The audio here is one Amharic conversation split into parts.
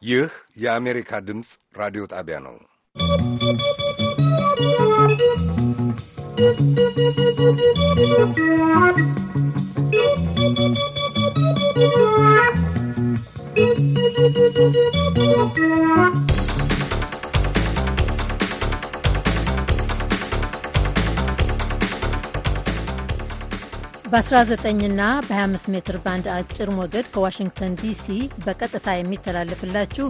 Yuh, ya Amerika Dems, Radio Tabiano. በ19ና በ25 ሜትር ባንድ አጭር ሞገድ ከዋሽንግተን ዲሲ በቀጥታ የሚተላለፍላችሁ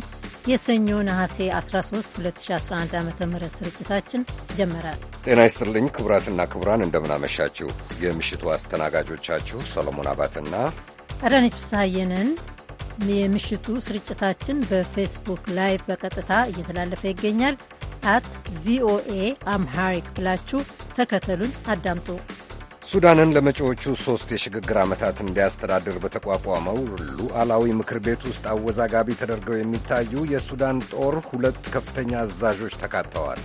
የሰኞ ነሐሴ 13 2011 ዓ ም ስርጭታችን ጀመረ። ጤና ይስጥልኝ ክቡራትና ክቡራን፣ እንደምናመሻችሁ። የምሽቱ አስተናጋጆቻችሁ ሰሎሞን አባትና አዳነች ፍስሐየንን። የምሽቱ ስርጭታችን በፌስቡክ ላይቭ በቀጥታ እየተላለፈ ይገኛል። አት ቪኦኤ አምሃሪክ ብላችሁ ተከተሉን አዳምጡ። ሱዳንን ለመጪዎቹ ሦስት የሽግግር ዓመታት እንዲያስተዳድር በተቋቋመው ሉዓላዊ ምክር ቤት ውስጥ አወዛጋቢ ተደርገው የሚታዩ የሱዳን ጦር ሁለት ከፍተኛ አዛዦች ተካተዋል።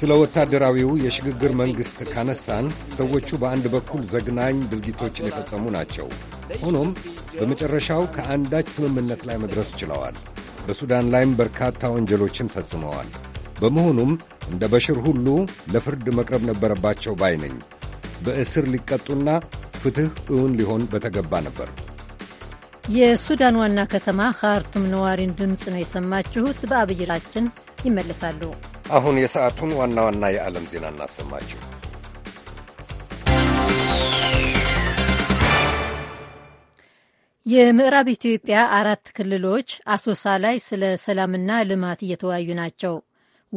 ስለ ወታደራዊው የሽግግር መንግሥት ካነሳን ሰዎቹ በአንድ በኩል ዘግናኝ ድርጊቶችን የፈጸሙ ናቸው። ሆኖም በመጨረሻው ከአንዳች ስምምነት ላይ መድረስ ችለዋል። በሱዳን ላይም በርካታ ወንጀሎችን ፈጽመዋል። በመሆኑም እንደ በሽር ሁሉ ለፍርድ መቅረብ ነበረባቸው ባይ ነኝ። በእስር ሊቀጡና ፍትሕ እውን ሊሆን በተገባ ነበር። የሱዳን ዋና ከተማ ካርቱም ነዋሪን ድምፅ ነው የሰማችሁት። በአብይራችን ይመለሳሉ። አሁን የሰዓቱን ዋና ዋና የዓለም ዜና እናሰማችሁ። የምዕራብ ኢትዮጵያ አራት ክልሎች አሶሳ ላይ ስለ ሰላምና ልማት እየተወያዩ ናቸው።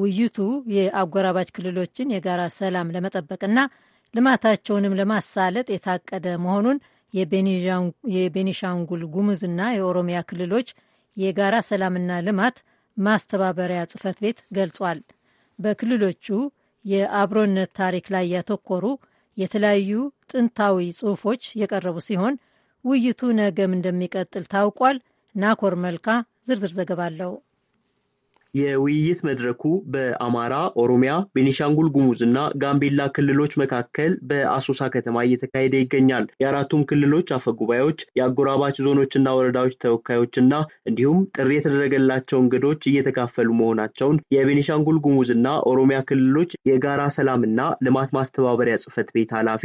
ውይይቱ የአጎራባች ክልሎችን የጋራ ሰላም ለመጠበቅና ልማታቸውንም ለማሳለጥ የታቀደ መሆኑን የቤኒሻንጉል ጉሙዝና የኦሮሚያ ክልሎች የጋራ ሰላምና ልማት ማስተባበሪያ ጽህፈት ቤት ገልጿል። በክልሎቹ የአብሮነት ታሪክ ላይ ያተኮሩ የተለያዩ ጥንታዊ ጽሑፎች የቀረቡ ሲሆን ውይይቱ ነገም እንደሚቀጥል ታውቋል። ናኮር መልካ ዝርዝር ዘገባ አለው። የውይይት መድረኩ በአማራ፣ ኦሮሚያ፣ ቤኒሻንጉል ጉሙዝ እና ጋምቤላ ክልሎች መካከል በአሶሳ ከተማ እየተካሄደ ይገኛል። የአራቱም ክልሎች አፈጉባኤዎች፣ የአጎራባች ዞኖችና ወረዳዎች ተወካዮችና እንዲሁም ጥሪ የተደረገላቸው እንግዶች እየተካፈሉ መሆናቸውን የቤኒሻንጉል ጉሙዝ እና ኦሮሚያ ክልሎች የጋራ ሰላምና ልማት ማስተባበሪያ ጽህፈት ቤት ኃላፊ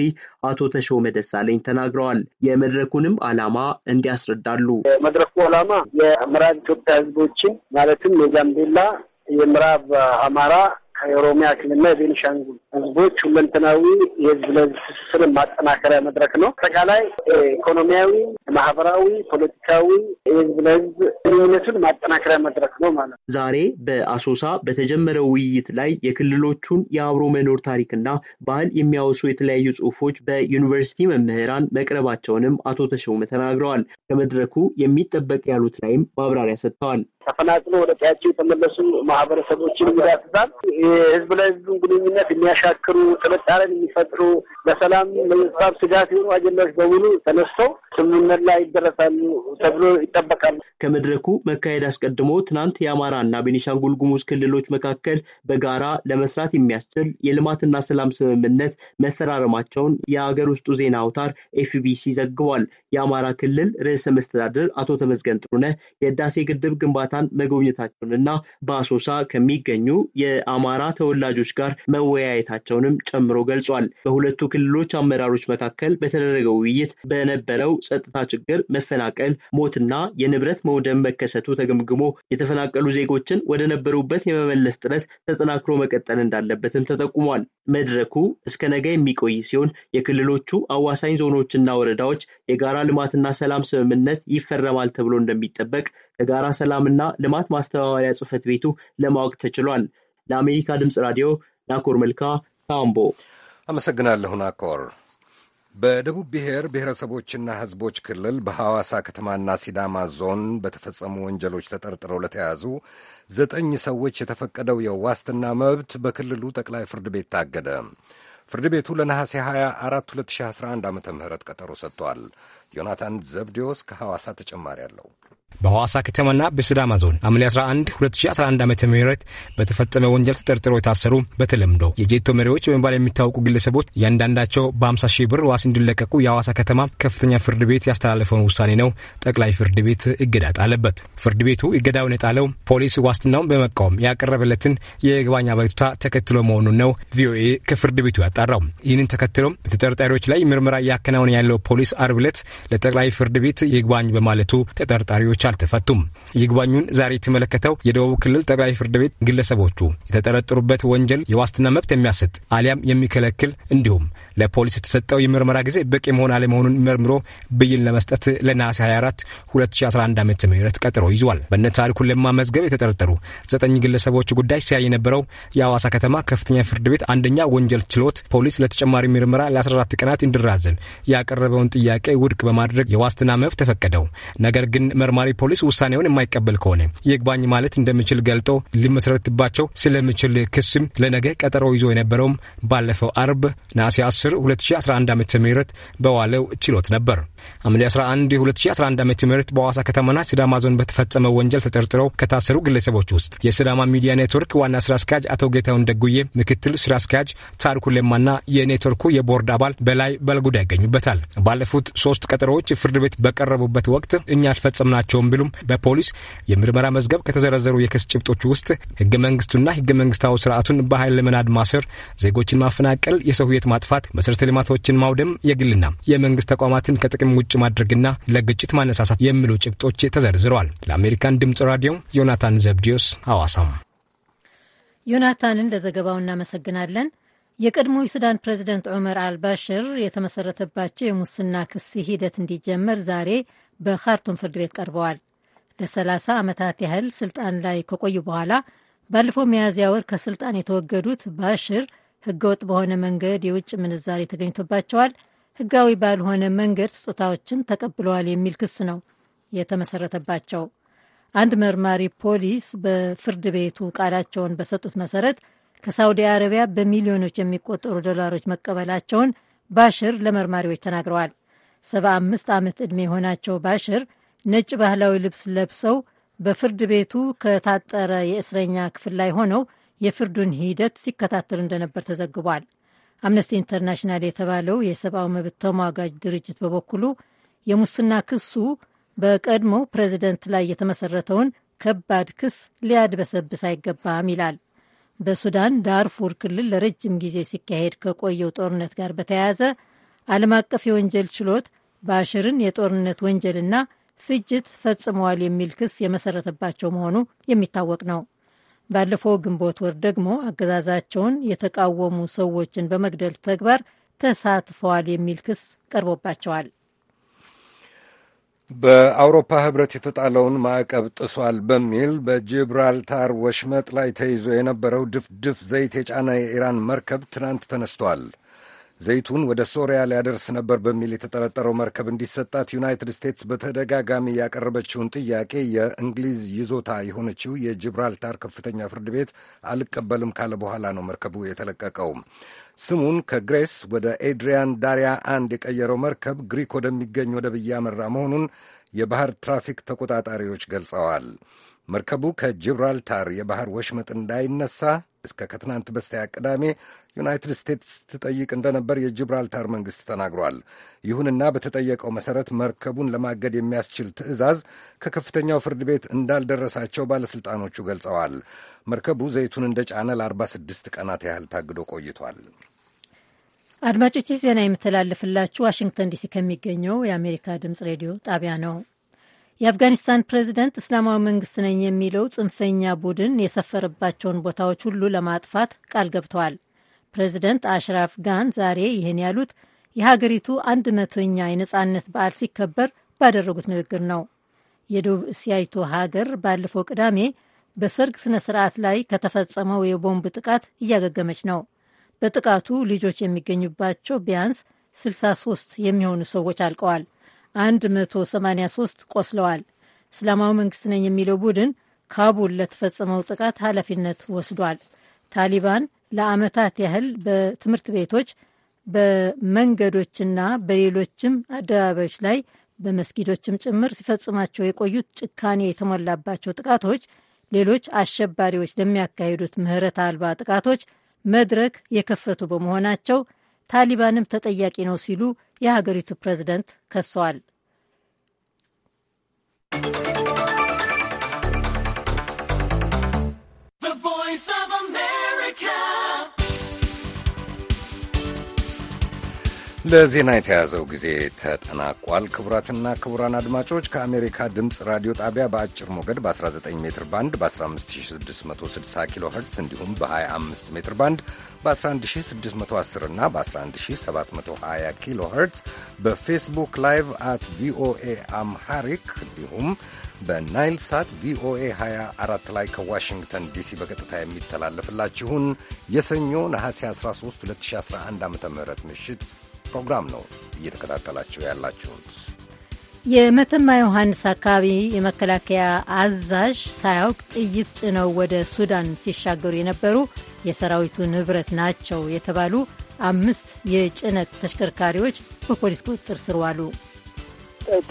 አቶ ተሾመ ደሳለኝ ተናግረዋል። የመድረኩንም ዓላማ እንዲያስረዳሉ። መድረኩ አላማ የምዕራብ ኢትዮጵያ ህዝቦችን ማለትም የጋምቤላ የጋምቤላ፣ የምዕራብ አማራ ከኦሮሚያ ክልልና የቤኒሻንጉል ህዝቦች ሁለንተናዊ የህዝብ ለህዝብ ትስስርን ማጠናከሪያ መድረክ ነው። አጠቃላይ ኢኮኖሚያዊ፣ ማህበራዊ፣ ፖለቲካዊ የህዝብ ለህዝብ ግንኙነቱን ማጠናከሪያ መድረክ ነው ማለት ነው። ዛሬ በአሶሳ በተጀመረው ውይይት ላይ የክልሎቹን የአብሮ መኖር ታሪክና ባህል የሚያወሱ የተለያዩ ጽሁፎች በዩኒቨርሲቲ መምህራን መቅረባቸውንም አቶ ተሾመ ተናግረዋል። ከመድረኩ የሚጠበቅ ያሉት ላይም ማብራሪያ ሰጥተዋል። ተፈናቅሎ ወደ ቀያቸው የተመለሱ ማህበረሰቦችን ይዳስሳል። የህዝብ ለህዝብ ግንኙነት የሚያሻክሩ ጥርጣሬን የሚፈጥሩ በሰላም መሳብ ስጋት የሆኑ አጀንዳዎች በሙሉ ተነስተው ስምምነት ላይ ይደረሳሉ ተብሎ ይጠበቃሉ። ከመድረኩ መካሄድ አስቀድሞ ትናንት የአማራና ቤኒሻንጉል ጉሙዝ ክልሎች መካከል በጋራ ለመስራት የሚያስችል የልማትና ሰላም ስምምነት መፈራረማቸውን የሀገር ውስጡ ዜና አውታር ኤፍቢሲ ዘግቧል። የአማራ ክልል ርዕሰ መስተዳድር አቶ ተመስገን ጥሩነህ የህዳሴ ግድብ ግንባታን መጎብኘታቸውንና በአሶሳ ከሚገኙ የአማራ ተወላጆች ጋር መወያየታቸውንም ጨምሮ ገልጿል። በሁለቱ በክልሎች አመራሮች መካከል በተደረገው ውይይት በነበረው ጸጥታ ችግር መፈናቀል፣ ሞትና የንብረት መውደም መከሰቱ ተገምግሞ የተፈናቀሉ ዜጎችን ወደ ነበሩበት የመመለስ ጥረት ተጠናክሮ መቀጠል እንዳለበትም ተጠቁሟል። መድረኩ እስከ ነገ የሚቆይ ሲሆን የክልሎቹ አዋሳኝ ዞኖችና ወረዳዎች የጋራ ልማትና ሰላም ስምምነት ይፈረማል ተብሎ እንደሚጠበቅ ከጋራ ሰላምና ልማት ማስተባበሪያ ጽህፈት ቤቱ ለማወቅ ተችሏል። ለአሜሪካ ድምፅ ራዲዮ ናኮር መልካ ታምቦ አመሰግናለሁ ናኮር። በደቡብ ብሔር ብሔረሰቦችና ሕዝቦች ክልል በሐዋሳ ከተማና ሲዳማ ዞን በተፈጸሙ ወንጀሎች ተጠርጥረው ለተያዙ ዘጠኝ ሰዎች የተፈቀደው የዋስትና መብት በክልሉ ጠቅላይ ፍርድ ቤት ታገደ። ፍርድ ቤቱ ለነሐሴ 24 2011 ዓ ም ቀጠሮ ሰጥቷል። ዮናታን ዘብዴዎስ ከሐዋሳ ተጨማሪ አለው። በሐዋሳ ከተማና በሲዳማ ዞን ሐምሌ 11 2011 ዓ ም በተፈጸመ ወንጀል ተጠርጥሮ የታሰሩ በተለምዶ የጄቶ መሪዎች በመባል የሚታወቁ ግለሰቦች እያንዳንዳቸው በ50 ሺህ ብር ዋስ እንዲለቀቁ የሐዋሳ ከተማ ከፍተኛ ፍርድ ቤት ያስተላለፈውን ውሳኔ ነው ጠቅላይ ፍርድ ቤት እገዳ ጣለበት። ፍርድ ቤቱ እገዳውን የጣለው ፖሊስ ዋስትናውን በመቃወም ያቀረበለትን የይግባኝ አቤቱታ ተከትሎ መሆኑን ነው ቪኦኤ ከፍርድ ቤቱ ያጣራው። ይህንን ተከትሎም በተጠርጣሪዎች ላይ ምርመራ እያከናወነ ያለው ፖሊስ አርብ ዕለት ለጠቅላይ ፍርድ ቤት ይግባኝ በማለቱ ተጠርጣሪዎች ቻልተፈቱም። ይግባኙን ዛሬ የተመለከተው የደቡብ ክልል ጠቅላይ ፍርድ ቤት ግለሰቦቹ የተጠረጠሩበት ወንጀል የዋስትና መብት የሚያሰጥ አሊያም የሚከለክል እንዲሁም ለፖሊስ የተሰጠው የምርመራ ጊዜ በቂ መሆን አለመሆኑን መርምሮ ብይን ለመስጠት ለነሐሴ 24 2011 ዓ ም ቀጥሮ ይዟል። በነ ታሪኩ ለማ መዝገብ የተጠረጠሩ ዘጠኝ ግለሰቦች ጉዳይ ሲያይ የነበረው የአዋሳ ከተማ ከፍተኛ ፍርድ ቤት አንደኛ ወንጀል ችሎት ፖሊስ ለተጨማሪ ምርመራ ለ14 ቀናት እንዲራዘም ያቀረበውን ጥያቄ ውድቅ በማድረግ የዋስትና መብት ተፈቀደው። ነገር ግን መርማሪ ፖሊስ ውሳኔውን የማይቀበል ከሆነ ይግባኝ ማለት እንደምችል ገልጦ ሊመሰረትባቸው ስለምችል ክስም ለነገ ቀጠሮ ይዞ የነበረውም ባለፈው አርብ ነሐሴ 10 2011 ዓ ም በዋለው ችሎት ነበር። ሐምሌ 11 2011 ዓ ም በሐዋሳ ከተማና ሲዳማ ዞን በተፈጸመ ወንጀል ተጠርጥረው ከታሰሩ ግለሰቦች ውስጥ የሲዳማ ሚዲያ ኔትወርክ ዋና ስራ አስኪያጅ አቶ ጌታውን ደጉዬ፣ ምክትል ስራ አስኪያጅ ታሪኩ ለማና የኔትወርኩ የቦርድ አባል በላይ በልጉዳ ይገኙበታል። ባለፉት ሶስት ቀጠሮዎች ፍርድ ቤት በቀረቡበት ወቅት እኛ አልፈጸምናቸውም ቢሉም በፖሊስ ፖሊስ የምርመራ መዝገብ ከተዘረዘሩ የክስ ጭብጦች ውስጥ ህገ መንግስቱና ህገ መንግስታዊ ስርዓቱን በኃይል ለመናድ ማሰር፣ ዜጎችን ማፈናቀል፣ የሰው ህይወት ማጥፋት፣ መሰረተ ልማቶችን ማውደም፣ የግልና የመንግስት ተቋማትን ከጥቅም ውጭ ማድረግና ለግጭት ማነሳሳት የሚሉ ጭብጦች ተዘርዝረዋል። ለአሜሪካን ድምጽ ራዲዮ ዮናታን ዘብዲዮስ ዮናታን ዮናታንን ለዘገባው እናመሰግናለን። የቀድሞ የሱዳን ፕሬዚደንት ዑመር አልባሽር የተመሰረተባቸው የሙስና ክስ ሂደት እንዲጀመር ዛሬ በካርቱም ፍርድ ቤት ቀርበዋል። ለ30 ዓመታት ያህል ስልጣን ላይ ከቆዩ በኋላ ባለፈው ሚያዝያ ወር ከስልጣን የተወገዱት ባሽር ህገወጥ በሆነ መንገድ የውጭ ምንዛሪ ተገኝቶባቸዋል፣ ህጋዊ ባልሆነ መንገድ ስጦታዎችን ተቀብለዋል የሚል ክስ ነው የተመሰረተባቸው። አንድ መርማሪ ፖሊስ በፍርድ ቤቱ ቃላቸውን በሰጡት መሰረት ከሳውዲ አረቢያ በሚሊዮኖች የሚቆጠሩ ዶላሮች መቀበላቸውን ባሽር ለመርማሪዎች ተናግረዋል። አምስት ዓመት ዕድሜ የሆናቸው ባሽር ነጭ ባህላዊ ልብስ ለብሰው በፍርድ ቤቱ ከታጠረ የእስረኛ ክፍል ላይ ሆነው የፍርዱን ሂደት ሲከታተሉ እንደነበር ተዘግቧል። አምነስቲ ኢንተርናሽናል የተባለው የሰብአዊ መብት ተሟጋጅ ድርጅት በበኩሉ የሙስና ክሱ በቀድሞው ፕሬዚደንት ላይ የተመሰረተውን ከባድ ክስ ሊያድበሰብስ አይገባም ይላል። በሱዳን ዳርፉር ክልል ለረጅም ጊዜ ሲካሄድ ከቆየው ጦርነት ጋር በተያያዘ ዓለም አቀፍ የወንጀል ችሎት ባሽርን የጦርነት ወንጀልና ፍጅት ፈጽመዋል የሚል ክስ የመሰረተባቸው መሆኑ የሚታወቅ ነው። ባለፈው ግንቦት ወር ደግሞ አገዛዛቸውን የተቃወሙ ሰዎችን በመግደል ተግባር ተሳትፈዋል የሚል ክስ ቀርቦባቸዋል። በአውሮፓ ህብረት የተጣለውን ማዕቀብ ጥሷል በሚል በጂብራልታር ወሽመጥ ላይ ተይዞ የነበረው ድፍድፍ ዘይት የጫነ የኢራን መርከብ ትናንት ተነስቷል። ዘይቱን ወደ ሶሪያ ሊያደርስ ነበር በሚል የተጠረጠረው መርከብ እንዲሰጣት ዩናይትድ ስቴትስ በተደጋጋሚ ያቀረበችውን ጥያቄ የእንግሊዝ ይዞታ የሆነችው የጂብራልታር ከፍተኛ ፍርድ ቤት አልቀበልም ካለ በኋላ ነው መርከቡ የተለቀቀው። ስሙን ከግሬስ ወደ ኤድሪያን ዳሪያ አንድ የቀየረው መርከብ ግሪክ ወደሚገኝ ወደብ እያመራ መሆኑን የባህር ትራፊክ ተቆጣጣሪዎች ገልጸዋል። መርከቡ ከጂብራልታር የባህር ወሽመጥ እንዳይነሳ እስከ ከትናንት በስቲያ ቅዳሜ ዩናይትድ ስቴትስ ትጠይቅ እንደነበር የጂብራልታር መንግሥት ተናግሯል። ይሁንና በተጠየቀው መሠረት መርከቡን ለማገድ የሚያስችል ትዕዛዝ ከከፍተኛው ፍርድ ቤት እንዳልደረሳቸው ባለሥልጣኖቹ ገልጸዋል። መርከቡ ዘይቱን እንደ ጫነ ለ46 ቀናት ያህል ታግዶ ቆይቷል። አድማጮች፣ ዜና የምተላለፍላችሁ ዋሽንግተን ዲሲ ከሚገኘው የአሜሪካ ድምፅ ሬዲዮ ጣቢያ ነው። የአፍጋኒስታን ፕሬዚደንት እስላማዊ መንግስት ነኝ የሚለው ጽንፈኛ ቡድን የሰፈረባቸውን ቦታዎች ሁሉ ለማጥፋት ቃል ገብተዋል። ፕሬዚደንት አሽራፍ ጋን ዛሬ ይህን ያሉት የሀገሪቱ አንድ መቶኛ የነጻነት በዓል ሲከበር ባደረጉት ንግግር ነው። የደቡብ እስያይቱ ሀገር ባለፈው ቅዳሜ በሰርግ ስነ ስርዓት ላይ ከተፈጸመው የቦምብ ጥቃት እያገገመች ነው። በጥቃቱ ልጆች የሚገኙባቸው ቢያንስ 63 የሚሆኑ ሰዎች አልቀዋል። 183 ቆስለዋል። እስላማዊ መንግስት ነኝ የሚለው ቡድን ካቡል ለተፈጸመው ጥቃት ኃላፊነት ወስዷል። ታሊባን ለአመታት ያህል በትምህርት ቤቶች፣ በመንገዶችና በሌሎችም አደባባዮች ላይ በመስጊዶችም ጭምር ሲፈጽማቸው የቆዩት ጭካኔ የተሞላባቸው ጥቃቶች ሌሎች አሸባሪዎች ለሚያካሂዱት ምህረት አልባ ጥቃቶች መድረክ የከፈቱ በመሆናቸው ታሊባንም ተጠያቂ ነው ሲሉ የሀገሪቱ ፕሬዝደንት ከሰዋል። ለዜና የተያዘው ጊዜ ተጠናቋል። ክቡራትና ክቡራን አድማጮች ከአሜሪካ ድምፅ ራዲዮ ጣቢያ በአጭር ሞገድ በ19 ሜትር ባንድ በ15660 ኪሎ ኸርትዝ እንዲሁም በ25 ሜትር ባንድ በ11610 እና በ11720 ኪሎ ኸርትዝ በፌስቡክ ላይቭ አት ቪኦኤ አምሃሪክ እንዲሁም በናይል ሳት ቪኦኤ 24 ላይ ከዋሽንግተን ዲሲ በቀጥታ የሚተላለፍላችሁን የሰኞ ነሐሴ 13 2011 ዓ ም ምሽት ፕሮግራም ነው እየተከታተላችሁ ያላችሁት። የመተማ ዮሐንስ አካባቢ የመከላከያ አዛዥ ሳያውቅ ጥይት ጭነው ወደ ሱዳን ሲሻገሩ የነበሩ የሰራዊቱ ንብረት ናቸው የተባሉ አምስት የጭነት ተሽከርካሪዎች በፖሊስ ቁጥጥር ስር ዋሉ።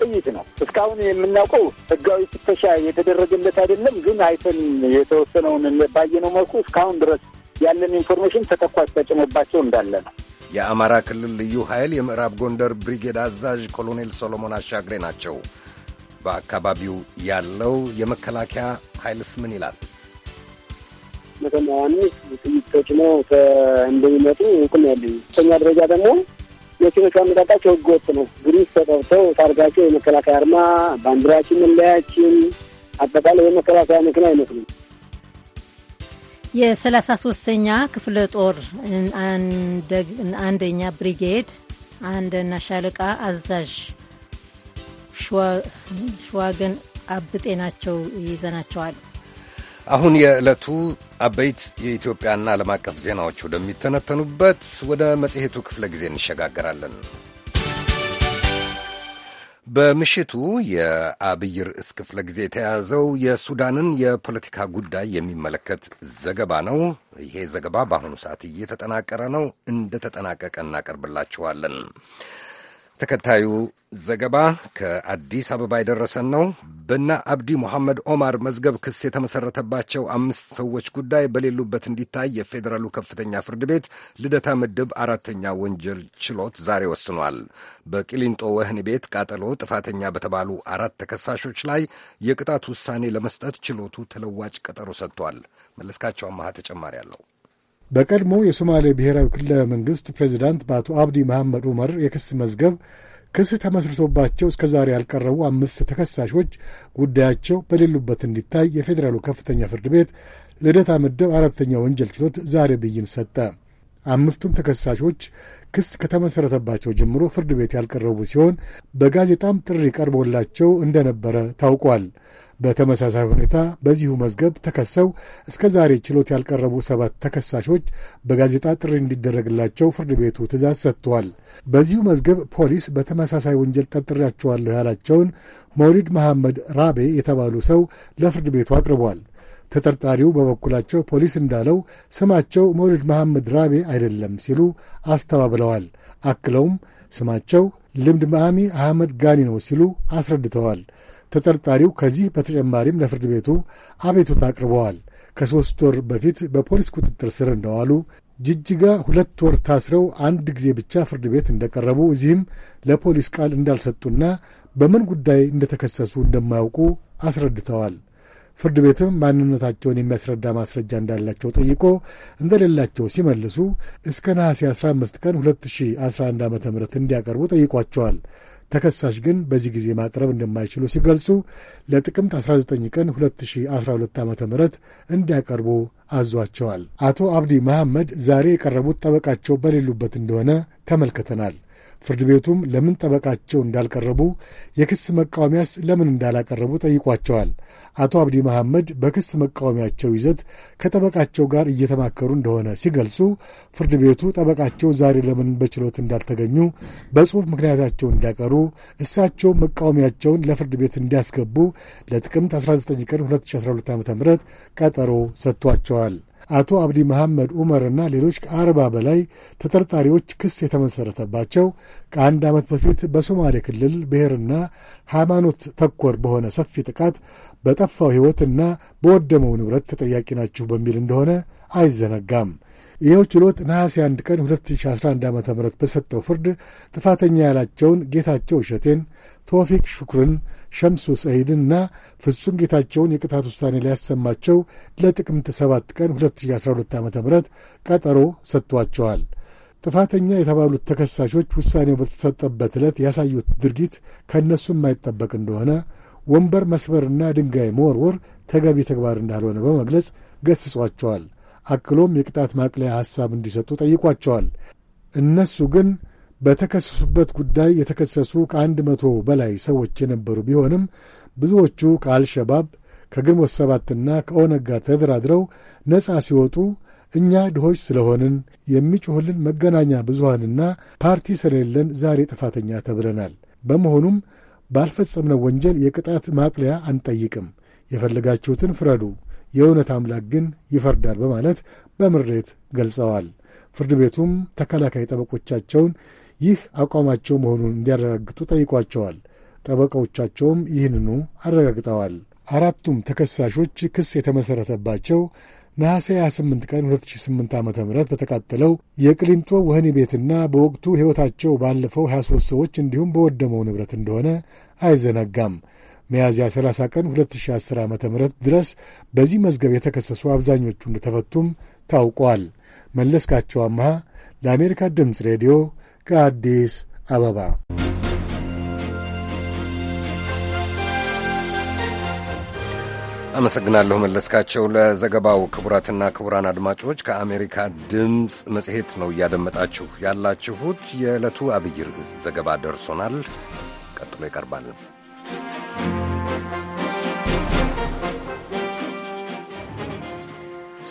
ጥይት ነው። እስካሁን የምናውቀው ህጋዊ ፍተሻ የተደረገለት አይደለም። ግን አይተን የተወሰነውን ባየነው መልኩ እስካሁን ድረስ ያለን ኢንፎርሜሽን ተተኳሽ ተጭኖባቸው እንዳለ ነው። የአማራ ክልል ልዩ ኃይል የምዕራብ ጎንደር ብሪጌድ አዛዥ ኮሎኔል ሶሎሞን አሻግሬ ናቸው። በአካባቢው ያለው የመከላከያ ኃይልስ ምን ይላል? መተማ ዮሐንስ ነው እንደሚመጡ እውቅና ያለኝ። ሶስተኛ ደረጃ ደግሞ መኪኖቹ አመጣጣቸው ህገወጥ ነው። ግሪስ ተጠርተው ታርጋቸው የመከላከያ አርማ ባንዲራችን፣ መለያችን አጠቃላይ የመከላከያ መኪና አይመስሉም። የ33ኛ ክፍለ ጦር አንደኛ ብሪጌድ አንደና ሻለቃ አዛዥ ሸዋገን አብጤ ናቸው ይዘናቸዋል። አሁን የዕለቱ አበይት የኢትዮጵያና ዓለም አቀፍ ዜናዎች ወደሚተነተኑበት ወደ መጽሔቱ ክፍለ ጊዜ እንሸጋገራለን። በምሽቱ የአብይ ርዕስ ክፍለ ጊዜ የተያዘው የሱዳንን የፖለቲካ ጉዳይ የሚመለከት ዘገባ ነው። ይሄ ዘገባ በአሁኑ ሰዓት እየተጠናቀረ ነው። እንደተጠናቀቀ እናቀርብላችኋለን። ተከታዩ ዘገባ ከአዲስ አበባ የደረሰን ነው። በና አብዲ ሙሐመድ ኦማር መዝገብ ክስ የተመሰረተባቸው አምስት ሰዎች ጉዳይ በሌሉበት እንዲታይ የፌዴራሉ ከፍተኛ ፍርድ ቤት ልደታ ምድብ አራተኛ ወንጀል ችሎት ዛሬ ወስኗል። በቂሊንጦ ወህኒ ቤት ቃጠሎ ጥፋተኛ በተባሉ አራት ተከሳሾች ላይ የቅጣት ውሳኔ ለመስጠት ችሎቱ ተለዋጭ ቀጠሮ ሰጥቷል። መለስካቸው አማሃ ተጨማሪ አለው። በቀድሞ የሶማሌ ብሔራዊ ክልላዊ መንግሥት ፕሬዚዳንት በአቶ አብዲ መሐመድ ዑመር የክስ መዝገብ ክስ ተመስርቶባቸው እስከ ዛሬ ያልቀረቡ አምስት ተከሳሾች ጉዳያቸው በሌሉበት እንዲታይ የፌዴራሉ ከፍተኛ ፍርድ ቤት ልደታ ምድብ አራተኛ ወንጀል ችሎት ዛሬ ብይን ሰጠ። አምስቱም ተከሳሾች ክስ ከተመሠረተባቸው ጀምሮ ፍርድ ቤት ያልቀረቡ ሲሆን በጋዜጣም ጥሪ ቀርቦላቸው እንደነበረ ታውቋል። በተመሳሳይ ሁኔታ በዚሁ መዝገብ ተከሰው እስከ ዛሬ ችሎት ያልቀረቡ ሰባት ተከሳሾች በጋዜጣ ጥሪ እንዲደረግላቸው ፍርድ ቤቱ ትእዛዝ ሰጥቷል። በዚሁ መዝገብ ፖሊስ በተመሳሳይ ወንጀል ጠርጥሬያቸዋለሁ ያላቸውን መውሊድ መሐመድ ራቤ የተባሉ ሰው ለፍርድ ቤቱ አቅርቧል። ተጠርጣሪው በበኩላቸው ፖሊስ እንዳለው ስማቸው መውሊድ መሐመድ ራቤ አይደለም ሲሉ አስተባብለዋል። አክለውም ስማቸው ልምድ መአሚ አህመድ ጋኒ ነው ሲሉ አስረድተዋል። ተጠርጣሪው ከዚህ በተጨማሪም ለፍርድ ቤቱ አቤቱታ አቅርበዋል። ከሦስት ወር በፊት በፖሊስ ቁጥጥር ስር እንደዋሉ ጅጅጋ ሁለት ወር ታስረው አንድ ጊዜ ብቻ ፍርድ ቤት እንደቀረቡ እዚህም ለፖሊስ ቃል እንዳልሰጡና በምን ጉዳይ እንደተከሰሱ እንደማያውቁ አስረድተዋል። ፍርድ ቤትም ማንነታቸውን የሚያስረዳ ማስረጃ እንዳላቸው ጠይቆ እንደሌላቸው ሲመልሱ እስከ ነሐሴ 15 ቀን 2011 ዓ ም እንዲያቀርቡ ጠይቋቸዋል። ተከሳሽ ግን በዚህ ጊዜ ማቅረብ እንደማይችሉ ሲገልጹ ለጥቅምት 19 ቀን 2012 ዓ ም እንዲያቀርቡ አዟቸዋል። አቶ አብዲ መሐመድ ዛሬ የቀረቡት ጠበቃቸው በሌሉበት እንደሆነ ተመልክተናል። ፍርድ ቤቱም ለምን ጠበቃቸው እንዳልቀረቡ፣ የክስ መቃወሚያስ ለምን እንዳላቀረቡ ጠይቋቸዋል። አቶ አብዲ መሐመድ በክስ መቃወሚያቸው ይዘት ከጠበቃቸው ጋር እየተማከሩ እንደሆነ ሲገልጹ ፍርድ ቤቱ ጠበቃቸው ዛሬ ለምን በችሎት እንዳልተገኙ በጽሑፍ ምክንያታቸውን እንዲያቀሩ እሳቸው መቃወሚያቸውን ለፍርድ ቤት እንዲያስገቡ ለጥቅምት 19 ቀን 2012 ዓ ም ቀጠሮ ሰጥቷቸዋል። አቶ አብዲ መሐመድ ዑመርና ሌሎች ከአርባ በላይ ተጠርጣሪዎች ክስ የተመሠረተባቸው ከአንድ ዓመት በፊት በሶማሌ ክልል ብሔርና ሃይማኖት ተኮር በሆነ ሰፊ ጥቃት በጠፋው ሕይወትና በወደመው ንብረት ተጠያቂ ናችሁ በሚል እንደሆነ አይዘነጋም። ይኸው ችሎት ነሐሴ 1 ቀን 2011 ዓ ም በሰጠው ፍርድ ጥፋተኛ ያላቸውን ጌታቸው እሸቴን፣ ቶፊቅ ሹክርን ሸምሱ ሰሂድንና ፍጹም ጌታቸውን የቅጣት ውሳኔ ሊያሰማቸው ለጥቅምት 7 ቀን 2012 ዓ ም ቀጠሮ ሰጥቷቸዋል። ጥፋተኛ የተባሉት ተከሳሾች ውሳኔው በተሰጠበት ዕለት ያሳዩት ድርጊት ከእነሱ የማይጠበቅ እንደሆነ፣ ወንበር መስበርና ድንጋይ መወርወር ተገቢ ተግባር እንዳልሆነ በመግለጽ ገስጿቸዋል። አክሎም የቅጣት ማቅለያ ሐሳብ እንዲሰጡ ጠይቋቸዋል። እነሱ ግን በተከሰሱበት ጉዳይ የተከሰሱ ከአንድ መቶ በላይ ሰዎች የነበሩ ቢሆንም ብዙዎቹ ከአልሸባብ ከግንቦት ሰባትና ከኦነግ ጋር ተደራድረው ነፃ ሲወጡ እኛ ድሆች ስለሆንን የሚጮህልን መገናኛ ብዙሃንና ፓርቲ ስለሌለን ዛሬ ጥፋተኛ ተብለናል። በመሆኑም ባልፈጸምነው ወንጀል የቅጣት ማቅለያ አንጠይቅም። የፈለጋችሁትን ፍረዱ፣ የእውነት አምላክ ግን ይፈርዳል በማለት በምሬት ገልጸዋል። ፍርድ ቤቱም ተከላካይ ጠበቆቻቸውን ይህ አቋማቸው መሆኑን እንዲያረጋግጡ ጠይቋቸዋል። ጠበቃዎቻቸውም ይህንኑ አረጋግጠዋል። አራቱም ተከሳሾች ክስ የተመሠረተባቸው ነሐሴ 28 ቀን 2008 ዓ ም በተቃጠለው የቅሊንጦ ወህኒ ቤትና በወቅቱ ሕይወታቸው ባለፈው 23 ሰዎች እንዲሁም በወደመው ንብረት እንደሆነ አይዘነጋም። ሚያዝያ 30 ቀን 2010 ዓ ም ድረስ በዚህ መዝገብ የተከሰሱ አብዛኞቹ እንደተፈቱም ታውቋል። መለስካቸው አምሃ ለአሜሪካ ድምፅ ሬዲዮ ከአዲስ አበባ አመሰግናለሁ መለስካቸው ለዘገባው። ክቡራትና ክቡራን አድማጮች ከአሜሪካ ድምፅ መጽሔት ነው እያደመጣችሁ ያላችሁት። የዕለቱ አብይ ርዕስ ዘገባ ደርሶናል፣ ቀጥሎ ይቀርባል።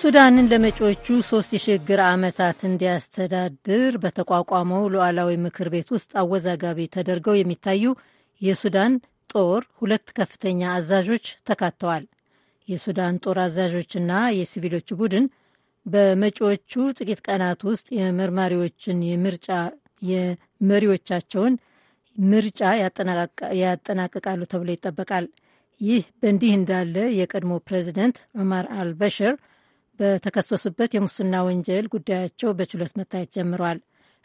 ሱዳንን ለመጪዎቹ ሶስት የሽግግር ዓመታት እንዲያስተዳድር በተቋቋመው ሉዓላዊ ምክር ቤት ውስጥ አወዛጋቢ ተደርገው የሚታዩ የሱዳን ጦር ሁለት ከፍተኛ አዛዦች ተካተዋል። የሱዳን ጦር አዛዦችና የሲቪሎች ቡድን በመጪዎቹ ጥቂት ቀናት ውስጥ የመርማሪዎችን የምርጫ የመሪዎቻቸውን ምርጫ ያጠናቅቃሉ ተብሎ ይጠበቃል። ይህ በእንዲህ እንዳለ የቀድሞ ፕሬዚደንት ዑመር አልበሽር በተከሰሱበት የሙስና ወንጀል ጉዳያቸው በችሎት መታየት ጀምረዋል።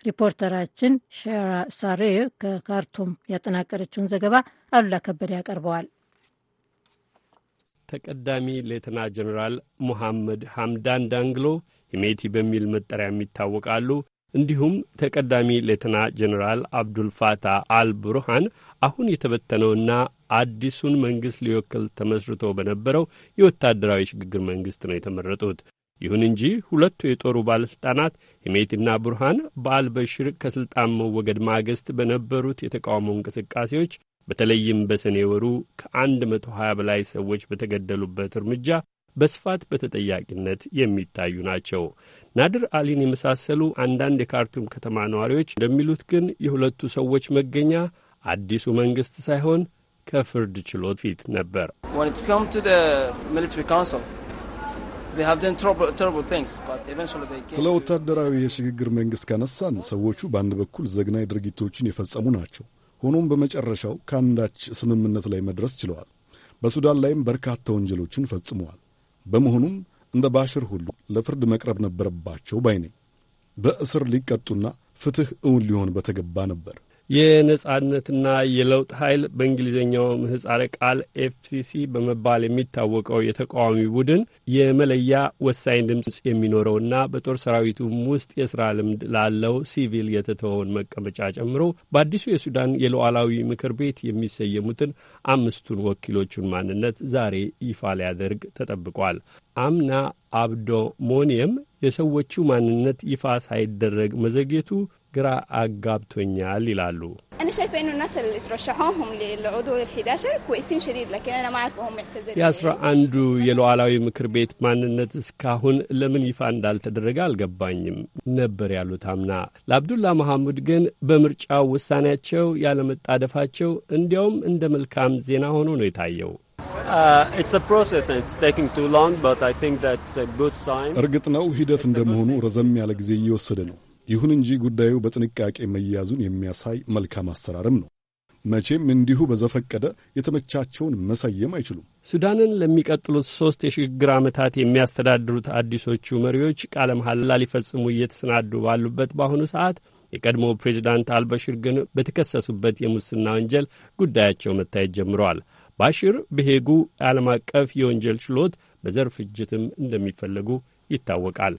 ሪፖርተራችን ሸራ ሳሬ ከካርቱም ያጠናቀረችውን ዘገባ አሉላ ከበደ ያቀርበዋል። ተቀዳሚ ሌተና ጀኔራል ሙሐመድ ሐምዳን ዳንግሎ ሂሜቲ በሚል መጠሪያ የሚታወቃሉ። እንዲሁም ተቀዳሚ ሌተና ጀኔራል አብዱል ፋታ አሁን የተበተነውና አዲሱን መንግሥት ሊወክል ተመስርቶ በነበረው የወታደራዊ ሽግግር መንግሥት ነው የተመረጡት። ይሁን እንጂ ሁለቱ የጦሩ ባለሥልጣናት ሂሜቲና ቡርሃን በአልበሽር ከሥልጣን መወገድ ማግስት በነበሩት የተቃውሞ እንቅስቃሴዎች በተለይም በሰኔ ወሩ መቶ ሀያ በላይ ሰዎች በተገደሉበት እርምጃ በስፋት በተጠያቂነት የሚታዩ ናቸው። ናድር አሊን የመሳሰሉ አንዳንድ የካርቱም ከተማ ነዋሪዎች እንደሚሉት ግን የሁለቱ ሰዎች መገኛ አዲሱ መንግሥት ሳይሆን ከፍርድ ችሎት ፊት ነበር። ስለ ወታደራዊ የሽግግር መንግሥት ካነሳን ሰዎቹ በአንድ በኩል ዘግናይ ድርጊቶችን የፈጸሙ ናቸው። ሆኖም በመጨረሻው ከአንዳች ስምምነት ላይ መድረስ ችለዋል። በሱዳን ላይም በርካታ ወንጀሎችን ፈጽመዋል። በመሆኑም እንደ ባሽር ሁሉ ለፍርድ መቅረብ ነበረባቸው ባይ ነኝ። በእስር ሊቀጡና ፍትሕ እውን ሊሆን በተገባ ነበር። የነጻነትና የለውጥ ኃይል በእንግሊዝኛው ምህጻረ ቃል ኤፍሲሲ በመባል የሚታወቀው የተቃዋሚ ቡድን የመለያ ወሳኝ ድምፅ የሚኖረውና በጦር ሰራዊቱም ውስጥ የስራ ልምድ ላለው ሲቪል የተተወውን መቀመጫ ጨምሮ በአዲሱ የሱዳን የሉዓላዊ ምክር ቤት የሚሰየሙትን አምስቱን ወኪሎቹን ማንነት ዛሬ ይፋ ሊያደርግ ተጠብቋል። አምና አብዶ ሞኒየም የሰዎቹ ማንነት ይፋ ሳይደረግ መዘግየቱ ግራ አጋብቶኛል ይላሉ። የአስራ አንዱ የሉዓላዊ ምክር ቤት ማንነት እስካሁን ለምን ይፋ እንዳልተደረገ አልገባኝም ነበር ያሉት አምና። ለአብዱላ መሐሙድ ግን በምርጫው ውሳኔያቸው ያለመጣደፋቸው እንዲያውም እንደ መልካም ዜና ሆኖ ነው የታየው። uh, እርግጥ ነው ሂደት እንደመሆኑ ረዘም ያለ ጊዜ እየወሰደ ነው። ይሁን እንጂ ጉዳዩ በጥንቃቄ መያዙን የሚያሳይ መልካም አሰራርም ነው። መቼም እንዲሁ በዘፈቀደ የተመቻቸውን መሰየም አይችሉም። ሱዳንን ለሚቀጥሉት ሶስት የሽግግር ዓመታት የሚያስተዳድሩት አዲሶቹ መሪዎች ቃለ መሐላ ሊፈጽሙ እየተሰናዱ ባሉበት በአሁኑ ሰዓት የቀድሞ ፕሬዚዳንት አልበሽር ግን በተከሰሱበት የሙስና ወንጀል ጉዳያቸው መታየት ጀምረዋል። ባሽር በሄጉ ዓለም አቀፍ የወንጀል ችሎት በዘር ፍጅትም እንደሚፈለጉ ይታወቃል።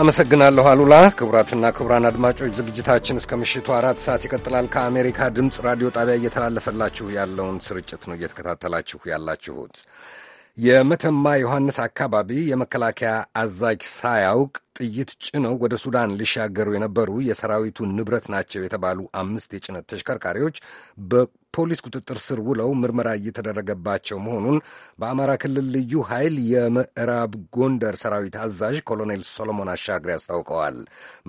አመሰግናለሁ አሉላ። ክቡራትና ክቡራን አድማጮች ዝግጅታችን እስከ ምሽቱ አራት ሰዓት ይቀጥላል። ከአሜሪካ ድምፅ ራዲዮ ጣቢያ እየተላለፈላችሁ ያለውን ስርጭት ነው እየተከታተላችሁ ያላችሁት። የመተማ ዮሐንስ አካባቢ የመከላከያ አዛዥ ሳያውቅ ጥይት ጭነው ወደ ሱዳን ሊሻገሩ የነበሩ የሰራዊቱ ንብረት ናቸው የተባሉ አምስት የጭነት ተሽከርካሪዎች በፖሊስ ቁጥጥር ስር ውለው ምርመራ እየተደረገባቸው መሆኑን በአማራ ክልል ልዩ ኃይል የምዕራብ ጎንደር ሰራዊት አዛዥ ኮሎኔል ሶሎሞን አሻግሬ አስታውቀዋል።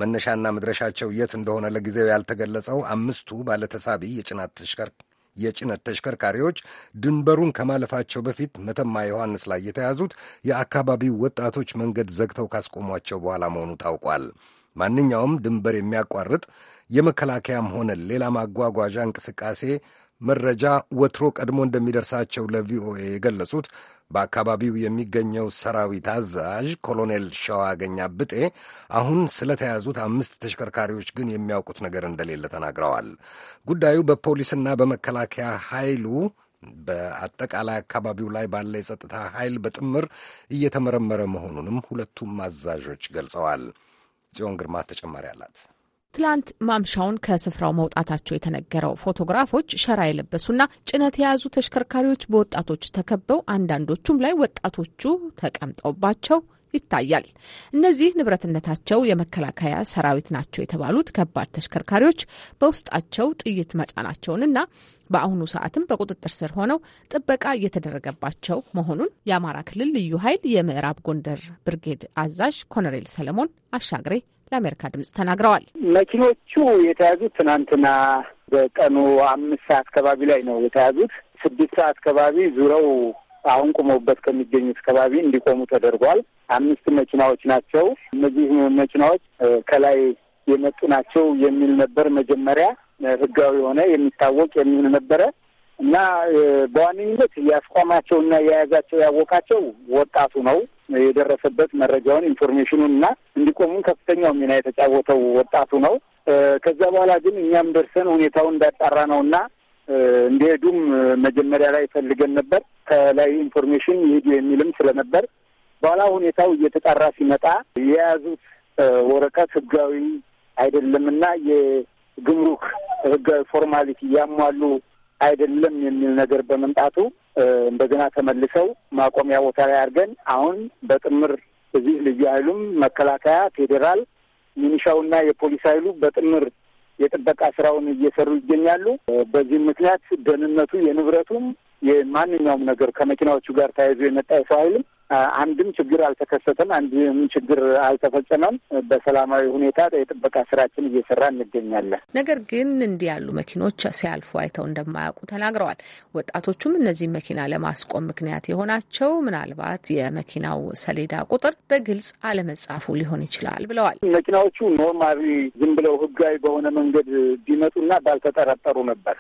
መነሻና መድረሻቸው የት እንደሆነ ለጊዜው ያልተገለጸው አምስቱ ባለተሳቢ የጭነት ተሽከርካሪ የጭነት ተሽከርካሪዎች ድንበሩን ከማለፋቸው በፊት መተማ ዮሐንስ ላይ የተያዙት የአካባቢው ወጣቶች መንገድ ዘግተው ካስቆሟቸው በኋላ መሆኑ ታውቋል። ማንኛውም ድንበር የሚያቋርጥ የመከላከያም ሆነ ሌላ ማጓጓዣ እንቅስቃሴ መረጃ ወትሮ ቀድሞ እንደሚደርሳቸው ለቪኦኤ የገለጹት በአካባቢው የሚገኘው ሰራዊት አዛዥ ኮሎኔል ሸዋገኛ ብጤ አሁን ስለተያዙት አምስት ተሽከርካሪዎች ግን የሚያውቁት ነገር እንደሌለ ተናግረዋል። ጉዳዩ በፖሊስና በመከላከያ ኃይሉ በአጠቃላይ አካባቢው ላይ ባለ የጸጥታ ኃይል በጥምር እየተመረመረ መሆኑንም ሁለቱም አዛዦች ገልጸዋል። ጽዮን ግርማ ተጨማሪ አላት። ትላንት ማምሻውን ከስፍራው መውጣታቸው የተነገረው ፎቶግራፎች ሸራ የለበሱና ጭነት የያዙ ተሽከርካሪዎች በወጣቶች ተከበው አንዳንዶቹም ላይ ወጣቶቹ ተቀምጠውባቸው ይታያል። እነዚህ ንብረትነታቸው የመከላከያ ሰራዊት ናቸው የተባሉት ከባድ ተሽከርካሪዎች በውስጣቸው ጥይት መጫናቸውንና በአሁኑ ሰዓትም በቁጥጥር ስር ሆነው ጥበቃ እየተደረገባቸው መሆኑን የአማራ ክልል ልዩ ኃይል የምዕራብ ጎንደር ብርጌድ አዛዥ ኮሎኔል ሰለሞን አሻግሬ ለአሜሪካ ድምጽ ተናግረዋል። መኪኖቹ የተያዙት ትናንትና በቀኑ አምስት ሰዓት አካባቢ ላይ ነው የተያዙት። ስድስት ሰዓት አካባቢ ዙረው አሁን ቁመውበት ከሚገኙት አካባቢ እንዲቆሙ ተደርጓል። አምስት መኪናዎች ናቸው። እነዚህ መኪናዎች ከላይ የመጡ ናቸው የሚል ነበር መጀመሪያ ህጋዊ የሆነ የሚታወቅ የሚል ነበረ እና በዋነኝነት ያስቋማቸውና የያዛቸው ያወቃቸው ወጣቱ ነው። የደረሰበት መረጃውን ኢንፎርሜሽኑን እና እንዲቆሙም ከፍተኛው ሚና የተጫወተው ወጣቱ ነው። ከዛ በኋላ ግን እኛም ደርሰን ሁኔታውን እንዳጣራ ነው እና እንዲሄዱም መጀመሪያ ላይ ፈልገን ነበር። ከላይ ኢንፎርሜሽን ይሄዱ የሚልም ስለነበር በኋላ ሁኔታው እየተጣራ ሲመጣ የያዙት ወረቀት ህጋዊ እና የግምሩክ ህጋዊ ፎርማሊቲ ያሟሉ አይደለም የሚል ነገር በመምጣቱ እንደገና ተመልሰው ማቆሚያ ቦታ ላይ አድርገን አሁን በጥምር እዚህ ልዩ ኃይሉም መከላከያ፣ ፌዴራል ሚኒሻውና የፖሊስ ኃይሉ በጥምር የጥበቃ ስራውን እየሰሩ ይገኛሉ። በዚህም ምክንያት ደህንነቱ የንብረቱም የማንኛውም ነገር ከመኪናዎቹ ጋር ተያይዞ የመጣ የሰው ኃይልም አንድም ችግር አልተከሰተም፣ አንድም ችግር አልተፈጸመም። በሰላማዊ ሁኔታ የጥበቃ ስራችን እየሰራ እንገኛለን። ነገር ግን እንዲህ ያሉ መኪኖች ሲያልፉ አይተው እንደማያውቁ ተናግረዋል። ወጣቶቹም እነዚህ መኪና ለማስቆም ምክንያት የሆናቸው ምናልባት የመኪናው ሰሌዳ ቁጥር በግልጽ አለመጻፉ ሊሆን ይችላል ብለዋል። መኪናዎቹ ኖርማሊ ዝም ብለው ህጋዊ በሆነ መንገድ ቢመጡና ባልተጠረጠሩ ነበር።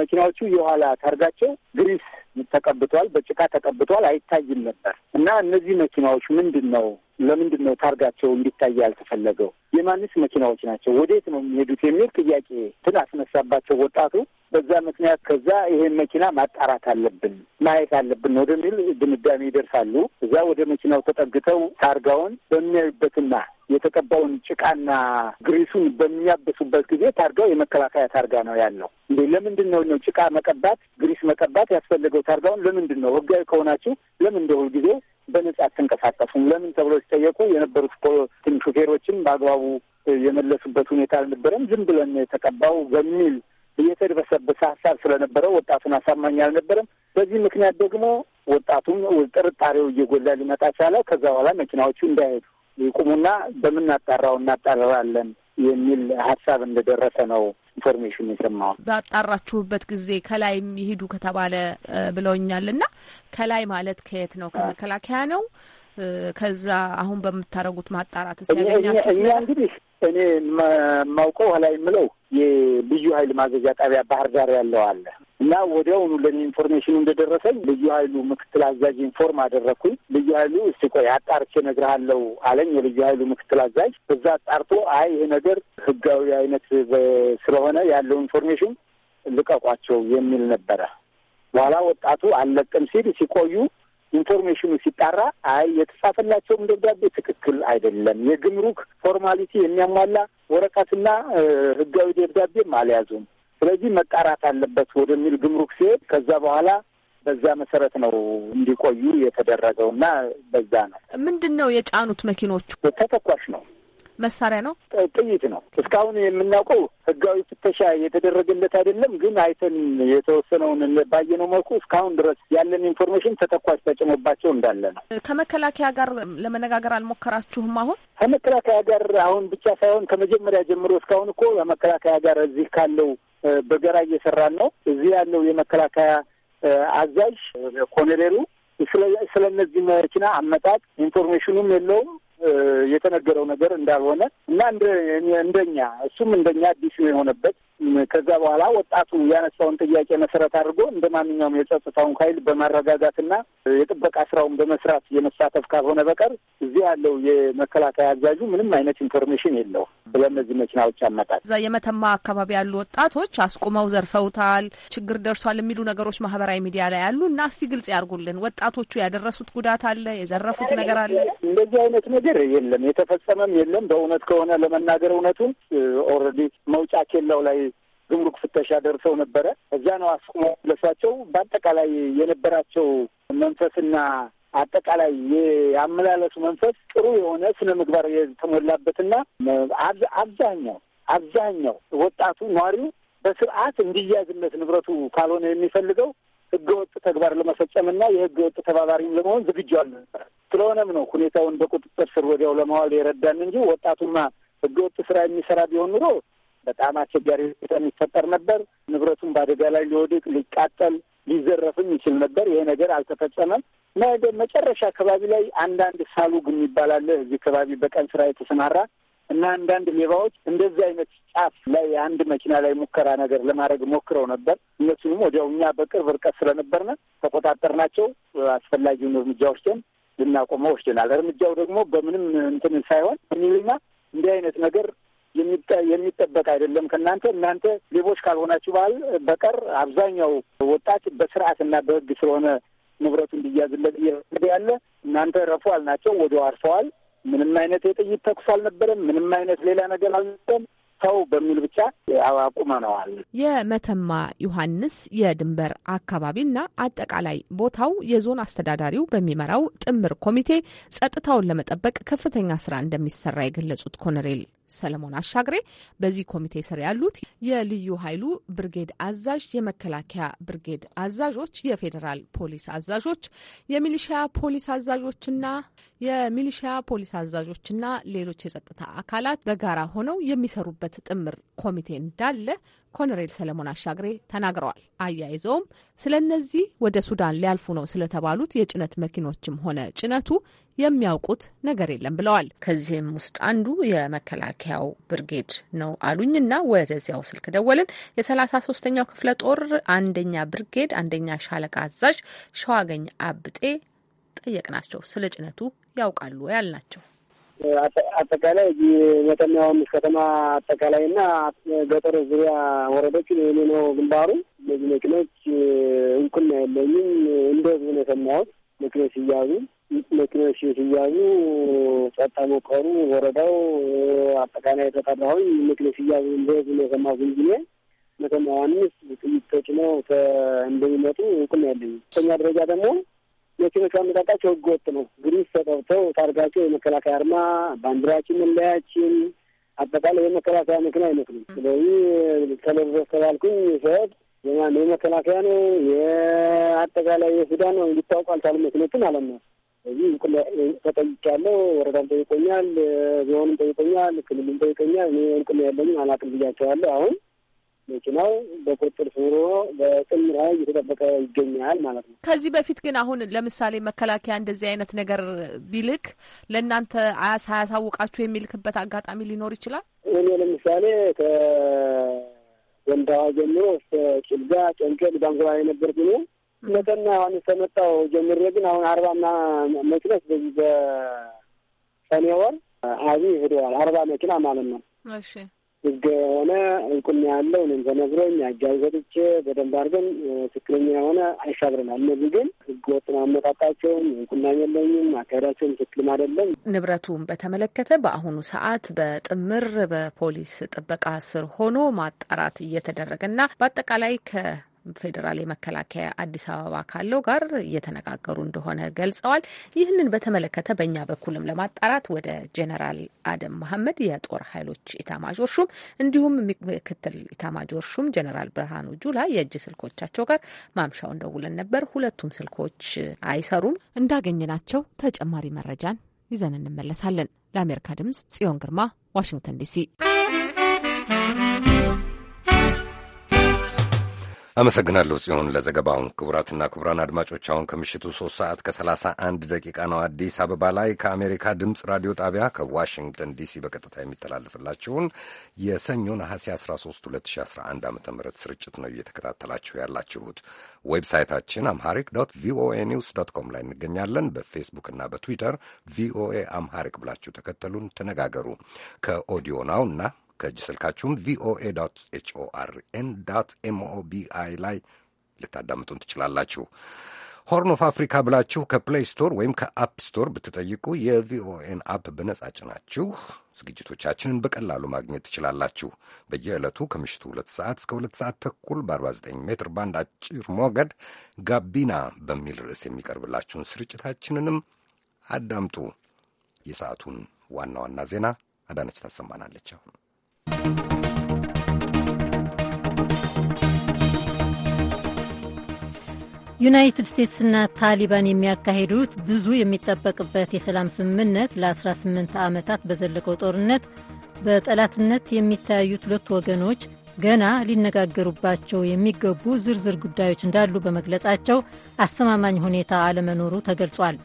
መኪናዎቹ የኋላ ታርጋቸው ግሪስ ተቀብቷል፣ በጭቃ ተቀብቷል፣ አይታይም ነበር እና እነዚህ መኪናዎች ምንድን ነው ለምንድን ነው ታርጋቸው እንዲታይ ያልተፈለገው? የማንስ መኪናዎች ናቸው? ወዴት ነው የሚሄዱት? የሚል ጥያቄ እንትን አስነሳባቸው ወጣቱ። በዛ ምክንያት ከዛ ይሄን መኪና ማጣራት አለብን ማየት አለብን ወደሚል ድምዳሜ ይደርሳሉ። እዛ ወደ መኪናው ተጠግተው ታርጋውን በሚያዩበትና የተቀባውን ጭቃና ግሪሱን በሚያብሱበት ጊዜ ታርጋው የመከላከያ ታርጋ ነው ያለው። እንዴ ለምንድን ነው ነው ጭቃ መቀባት ግሪስ መቀባት ያስፈለገው? ታርጋውን ለምንድን ነው ህጋዊ ከሆናችሁ ለምን እንደ ሁልጊዜ በነጻ አትንቀሳቀሱም? ለምን ተብሎ ሲጠየቁ የነበሩት ፖትን ሹፌሮችም በአግባቡ የመለሱበት ሁኔታ አልነበረም። ዝም ብለን የተቀባው በሚል እየተደበሰበሰ ሀሳብ ስለነበረው ወጣቱን አሳማኝ አልነበረም። በዚህ ምክንያት ደግሞ ወጣቱም ጥርጣሬው እየጎላ ሊመጣ ቻለ። ከዛ በኋላ መኪናዎቹ እንዳይሄዱ ይቁሙና በምናጣራው እናጣራለን የሚል ሀሳብ እንደደረሰ ነው ኢንፎርሜሽን የሰማው። ባጣራችሁበት ጊዜ ከላይ ይሄዱ ከተባለ ብለውኛል። እና ከላይ ማለት ከየት ነው? ከመከላከያ ነው? ከዛ አሁን በምታደርጉት ማጣራት ሲያገኛችሁ እኛ እንግዲህ እኔ የማውቀው ኋላ የምለው የልዩ ኃይል ማዘዣ ጣቢያ ባህር ዳር ያለው አለ። እና ወዲያውኑ ለእኔ ኢንፎርሜሽኑ እንደደረሰኝ ልዩ ኃይሉ ምክትል አዛዥ ኢንፎርም አደረግኩኝ። ልዩ ኃይሉ እስቲ ቆይ አጣርቼ እነግርሃለሁ አለኝ። የልዩ ኃይሉ ምክትል አዛዥ እዛ አጣርቶ አይ ይሄ ነገር ህጋዊ አይነት ስለሆነ ያለው ኢንፎርሜሽን ልቀቋቸው የሚል ነበረ። በኋላ ወጣቱ አልለቅም ሲል ሲቆዩ ኢንፎርሜሽኑ ሲጣራ አይ የተጻፈላቸውም ደብዳቤ ትክክል አይደለም፣ የግምሩክ ፎርማሊቲ የሚያሟላ ወረቀትና ህጋዊ ደብዳቤም አልያዙም ስለዚህ መጣራት አለበት ወደሚል ግምሩክ ሲሄድ ከዛ በኋላ በዛ መሰረት ነው እንዲቆዩ የተደረገው እና በዛ ነው። ምንድን ነው የጫኑት መኪኖቹ? ተተኳሽ ነው መሳሪያ ነው ጥይት ነው። እስካሁን የምናውቀው ህጋዊ ፍተሻ የተደረገለት አይደለም፣ ግን አይተን የተወሰነውን ባየነው መልኩ እስካሁን ድረስ ያለን ኢንፎርሜሽን ተተኳሽ ተጭሞባቸው እንዳለ ነው። ከመከላከያ ጋር ለመነጋገር አልሞከራችሁም? አሁን ከመከላከያ ጋር አሁን ብቻ ሳይሆን ከመጀመሪያ ጀምሮ እስካሁን እኮ ከመከላከያ ጋር እዚህ ካለው በገራ እየሰራን ነው። እዚህ ያለው የመከላከያ አዛዥ ኮሎኔሉ ስለ እነዚህ መኪና አመጣጥ ኢንፎርሜሽኑም የለውም የተነገረው ነገር እንዳልሆነ እና እንደኛ እሱም እንደኛ አዲስ የሆነበት ከዛ በኋላ ወጣቱ ያነሳውን ጥያቄ መሰረት አድርጎ እንደ ማንኛውም የጸጥታውን ኃይል በማረጋጋትና የጥበቃ ስራውን በመስራት የመሳተፍ ካልሆነ በቀር እዚህ ያለው የመከላከያ አዛዡ ምንም አይነት ኢንፎርሜሽን የለው ስለነዚህ መኪናዎች አመጣል። እዛ የመተማ አካባቢ ያሉ ወጣቶች አስቁመው ዘርፈውታል፣ ችግር ደርሷል የሚሉ ነገሮች ማህበራዊ ሚዲያ ላይ ያሉ እና እስቲ ግልጽ ያርጉልን፣ ወጣቶቹ ያደረሱት ጉዳት አለ? የዘረፉት ነገር አለ? እንደዚህ አይነት ነገር የለም፣ የተፈጸመም የለም። በእውነት ከሆነ ለመናገር እውነቱን ኦልሬዲ መውጫ ኬላው ላይ ጉምሩክ ፍተሻ ደርሰው ነበረ። እዛ ነው አስቁሞ ለሷቸው በአጠቃላይ የነበራቸው መንፈስና አጠቃላይ የአመላለሱ መንፈስ ጥሩ የሆነ ስነ ምግባር የተሞላበትና አብዛኛው አብዛኛው ወጣቱ ነዋሪው በስርዓት እንዲያዝነት ንብረቱ ካልሆነ የሚፈልገው ህገወጥ ተግባር ለመፈጸምና የህገወጥ ተባባሪም ለመሆን ዝግጁ አልነበረ። ስለሆነም ነው ሁኔታውን በቁጥጥር ስር ወዲያው ለማዋል የረዳን እንጂ ወጣቱማ ህገወጥ ስራ የሚሰራ ቢሆን ኑሮ በጣም አስቸጋሪ ሁኔታ የሚፈጠር ነበር። ንብረቱን በአደጋ ላይ ሊወድቅ፣ ሊቃጠል፣ ሊዘረፍም ይችል ነበር። ይሄ ነገር አልተፈጸመም። ነገ መጨረሻ አካባቢ ላይ አንዳንድ ሳሉግ የሚባል አለ እዚህ አካባቢ በቀን ስራ የተሰማራ እና አንዳንድ ሌባዎች እንደዚህ አይነት ጫፍ ላይ አንድ መኪና ላይ ሙከራ ነገር ለማድረግ ሞክረው ነበር። እነሱንም ወዲያው እኛ በቅርብ ርቀት ስለነበርነ ተቆጣጠርናቸው። አስፈላጊውን እርምጃ ወስደን ልናቆመው ወስደናል። እርምጃው ደግሞ በምንም እንትን ሳይሆን እኒልና እንዲህ አይነት ነገር የሚጠበቅ አይደለም ከእናንተ እናንተ ሌቦች ካልሆናችሁ ባል በቀር አብዛኛው ወጣት በስርዓትና በህግ ስለሆነ ንብረቱ እንዲያዝለት እየፈቀደ ያለ እናንተ ረፉ አልናቸው። ወዲያው አርፈዋል። ምንም አይነት የጥይት ተኩስ አልነበረም። ምንም አይነት ሌላ ነገር አልነበረም። ሰው በሚል ብቻ አቁመነዋል። የመተማ ዮሐንስ የድንበር አካባቢና አጠቃላይ ቦታው የዞን አስተዳዳሪው በሚመራው ጥምር ኮሚቴ ጸጥታውን ለመጠበቅ ከፍተኛ ስራ እንደሚሰራ የገለጹት ኮነሬል ሰለሞን አሻግሬ በዚህ ኮሚቴ ስር ያሉት የልዩ ኃይሉ ብርጌድ አዛዥ፣ የመከላከያ ብርጌድ አዛዦች፣ የፌዴራል ፖሊስ አዛዦች፣ የሚሊሺያ ፖሊስ አዛዦችና የሚሊሺያ ፖሊስ አዛዦችና ሌሎች የጸጥታ አካላት በጋራ ሆነው የሚሰሩበት ጥምር ኮሚቴ እንዳለ ኮሎኔል ሰለሞን አሻግሬ ተናግረዋል። አያይዘውም ስለ እነዚህ ወደ ሱዳን ሊያልፉ ነው ስለተባሉት የጭነት መኪኖችም ሆነ ጭነቱ የሚያውቁት ነገር የለም ብለዋል። ከዚህም ውስጥ አንዱ የመከላከያው ብርጌድ ነው አሉኝና ወደዚያው ስልክ ደወልን። የሰላሳ ሶስተኛው ክፍለ ጦር አንደኛ ብርጌድ አንደኛ ሻለቃ አዛዥ ሸዋገኝ አብጤ ጠየቅናቸው። ስለ ጭነቱ ያውቃሉ ያልናቸው አጠቃላይ መተማ ዮሐንስ ከተማ አጠቃላይ እና ገጠር ዙሪያ ወረዶችን የኔ ነው ግንባሩ። እነዚህ መኪኖች እንኩና የለኝም እንደ ህዝብ ነው የሰማሁት። መኪኖች ሲያዙ መኪኖች ሲያዙ ጸጥታ መቀሩ ወረዳው አጠቃላይ የተጠራሁኝ መኪኖች ሲያዙ እንደ ህዝብ ነው የሰማሁት እንጂ መተማ ዮሐንስ ጥይት ተጭነው እንደሚመጡ እንኩና ያለኝ። ሁለተኛ ደረጃ ደግሞ መኪኖች አመጣጣቸው ህገ ወጥ ነው። ግሪስ ተጠብተው ታርጋቸው የመከላከያ አርማ፣ ባንዲራችን፣ መለያችን አጠቃላይ የመከላከያ መኪና አይመስልም። ስለዚህ ተለብሶ ተባልኩኝ ሰት የመከላከያ ነው የአጠቃላይ የሱዳን ነው እንዲታወቁ አልቻሉ መኪኖችን አለም ነው። ስለዚህ ተጠይቄያለሁ። ወረዳም ጠይቆኛል፣ ዞንም ጠይቆኛል፣ ክልልም ጠይቆኛል። እኔ እንቅም ያለኝ አላቅም ብያቸዋለሁ አሁን መኪናው በቁጥጥር ስሮ ውሎ በጥምር ኃይል እየተጠበቀ ይገኛል ማለት ነው። ከዚህ በፊት ግን አሁን ለምሳሌ መከላከያ እንደዚህ አይነት ነገር ቢልክ ለእናንተ ሳያሳውቃችሁ የሚልክበት አጋጣሚ ሊኖር ይችላል። እኔ ለምሳሌ ከወንዳዋ ጀምሮ እስከ ጭልጋ፣ ጨንጨል፣ ዳንጉራ የነበርኩ ነው መጠና አሁን ተመጣው ጀምሬ ግን አሁን አርባና መኪናስ በዚህ በሰኔ ወር አብይ ሄደዋል። አርባ መኪና ማለት ነው። እሺ ህጋዊ የሆነ እውቅና ያለው እኔም ተነግሮኝ አጃቢ ሰጥቼ በደንብ አድርገን ትክክለኛ የሆነ አይሻብረናል። እነዚህ ግን ህገወጥ ነው አመጣጣቸውም እውቅና የለኝም፣ አካሄዳቸውም ትክክልም አይደለም። ንብረቱን በተመለከተ በአሁኑ ሰዓት በጥምር በፖሊስ ጥበቃ ስር ሆኖ ማጣራት እየተደረገና በአጠቃላይ ከ ፌዴራል የመከላከያ አዲስ አበባ ካለው ጋር እየተነጋገሩ እንደሆነ ገልጸዋል። ይህንን በተመለከተ በእኛ በኩልም ለማጣራት ወደ ጄኔራል አደም መሐመድ የጦር ኃይሎች ኢታማጆር ሹም እንዲሁም ምክትል ኢታማጆር ሹም ጄኔራል ብርሃኑ ጁላ የእጅ ስልኮቻቸው ጋር ማምሻውን ደውለን ነበር። ሁለቱም ስልኮች አይሰሩም። እንዳገኘናቸው ተጨማሪ መረጃን ይዘን እንመለሳለን። ለአሜሪካ ድምጽ ጽዮን ግርማ ዋሽንግተን ዲሲ አመሰግናለሁ ጽዮን ለዘገባውን። ክቡራትና ክቡራን አድማጮች አሁን ከምሽቱ ሶስት ሰዓት ከሰላሳ አንድ ደቂቃ ነው አዲስ አበባ ላይ ከአሜሪካ ድምፅ ራዲዮ ጣቢያ ከዋሽንግተን ዲሲ በቀጥታ የሚተላልፍላችሁን የሰኞ ነሐሴ 13 2011 ዓ ም ስርጭት ነው እየተከታተላችሁ ያላችሁት። ዌብሳይታችን አምሃሪክ ዶት ቪኦኤ ኒውስ ዶት ኮም ላይ እንገኛለን። በፌስቡክና በትዊተር ቪኦኤ አምሃሪክ ብላችሁ ተከተሉን፣ ተነጋገሩ ከኦዲዮ ናውና ከእጅ ስልካችሁም ቪኦኤ ኤችኦአርኤን ኤምኦቢአይ ላይ ልታዳምጡን ትችላላችሁ። ሆርን ኦፍ አፍሪካ ብላችሁ ከፕሌይ ስቶር ወይም ከአፕ ስቶር ብትጠይቁ የቪኦኤን አፕ በነጻ ጭናችሁ ዝግጅቶቻችንን በቀላሉ ማግኘት ትችላላችሁ። በየዕለቱ ከምሽቱ ሁለት ሰዓት እስከ ሁለት ሰዓት ተኩል በ49 ሜትር ባንድ አጭር ሞገድ ጋቢና በሚል ርዕስ የሚቀርብላችሁን ስርጭታችንንም አዳምጡ። የሰዓቱን ዋና ዋና ዜና አዳነች ታሰማናለች አሁን ዩናይትድ ስቴትስና ታሊባን የሚያካሂዱት ብዙ የሚጠበቅበት የሰላም ስምምነት ለ18 ዓመታት በዘለቀው ጦርነት በጠላትነት የሚታያዩት ሁለቱ ወገኖች ገና ሊነጋገሩባቸው የሚገቡ ዝርዝር ጉዳዮች እንዳሉ በመግለጻቸው አስተማማኝ ሁኔታ አለመኖሩ ተገልጿል።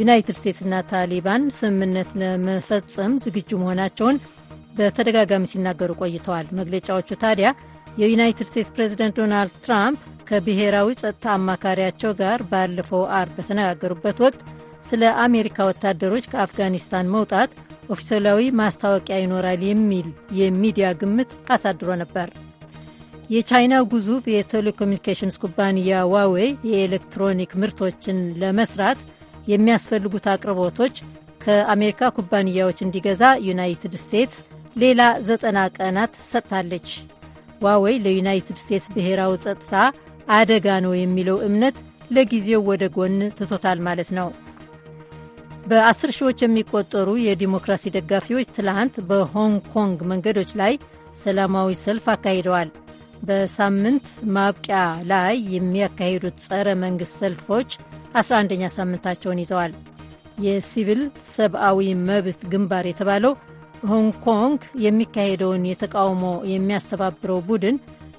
ዩናይትድ ስቴትስና ታሊባን ስምምነት ለመፈጸም ዝግጁ መሆናቸውን በተደጋጋሚ ሲናገሩ ቆይተዋል። መግለጫዎቹ ታዲያ የዩናይትድ ስቴትስ ፕሬዚደንት ዶናልድ ትራምፕ ከብሔራዊ ጸጥታ አማካሪያቸው ጋር ባለፈው አርብ በተነጋገሩበት ወቅት ስለ አሜሪካ ወታደሮች ከአፍጋኒስታን መውጣት ኦፊሴላዊ ማስታወቂያ ይኖራል የሚል የሚዲያ ግምት አሳድሮ ነበር። የቻይና ግዙፍ የቴሌኮሙኒኬሽንስ ኩባንያ ዋዌይ የኤሌክትሮኒክ ምርቶችን ለመስራት የሚያስፈልጉት አቅርቦቶች ከአሜሪካ ኩባንያዎች እንዲገዛ ዩናይትድ ስቴትስ ሌላ ዘጠና ቀናት ሰጥታለች። ዋዌይ ለዩናይትድ ስቴትስ ብሔራዊ ጸጥታ አደጋ ነው የሚለው እምነት ለጊዜው ወደ ጎን ትቶታል ማለት ነው። በአስር ሺዎች የሚቆጠሩ የዲሞክራሲ ደጋፊዎች ትላንት በሆንግ ኮንግ መንገዶች ላይ ሰላማዊ ሰልፍ አካሂደዋል። በሳምንት ማብቂያ ላይ የሚያካሂዱት ጸረ መንግሥት ሰልፎች 11ኛ ሳምንታቸውን ይዘዋል። የሲቪል ሰብአዊ መብት ግንባር የተባለው ሆንግ ኮንግ የሚካሄደውን የተቃውሞ የሚያስተባብረው ቡድን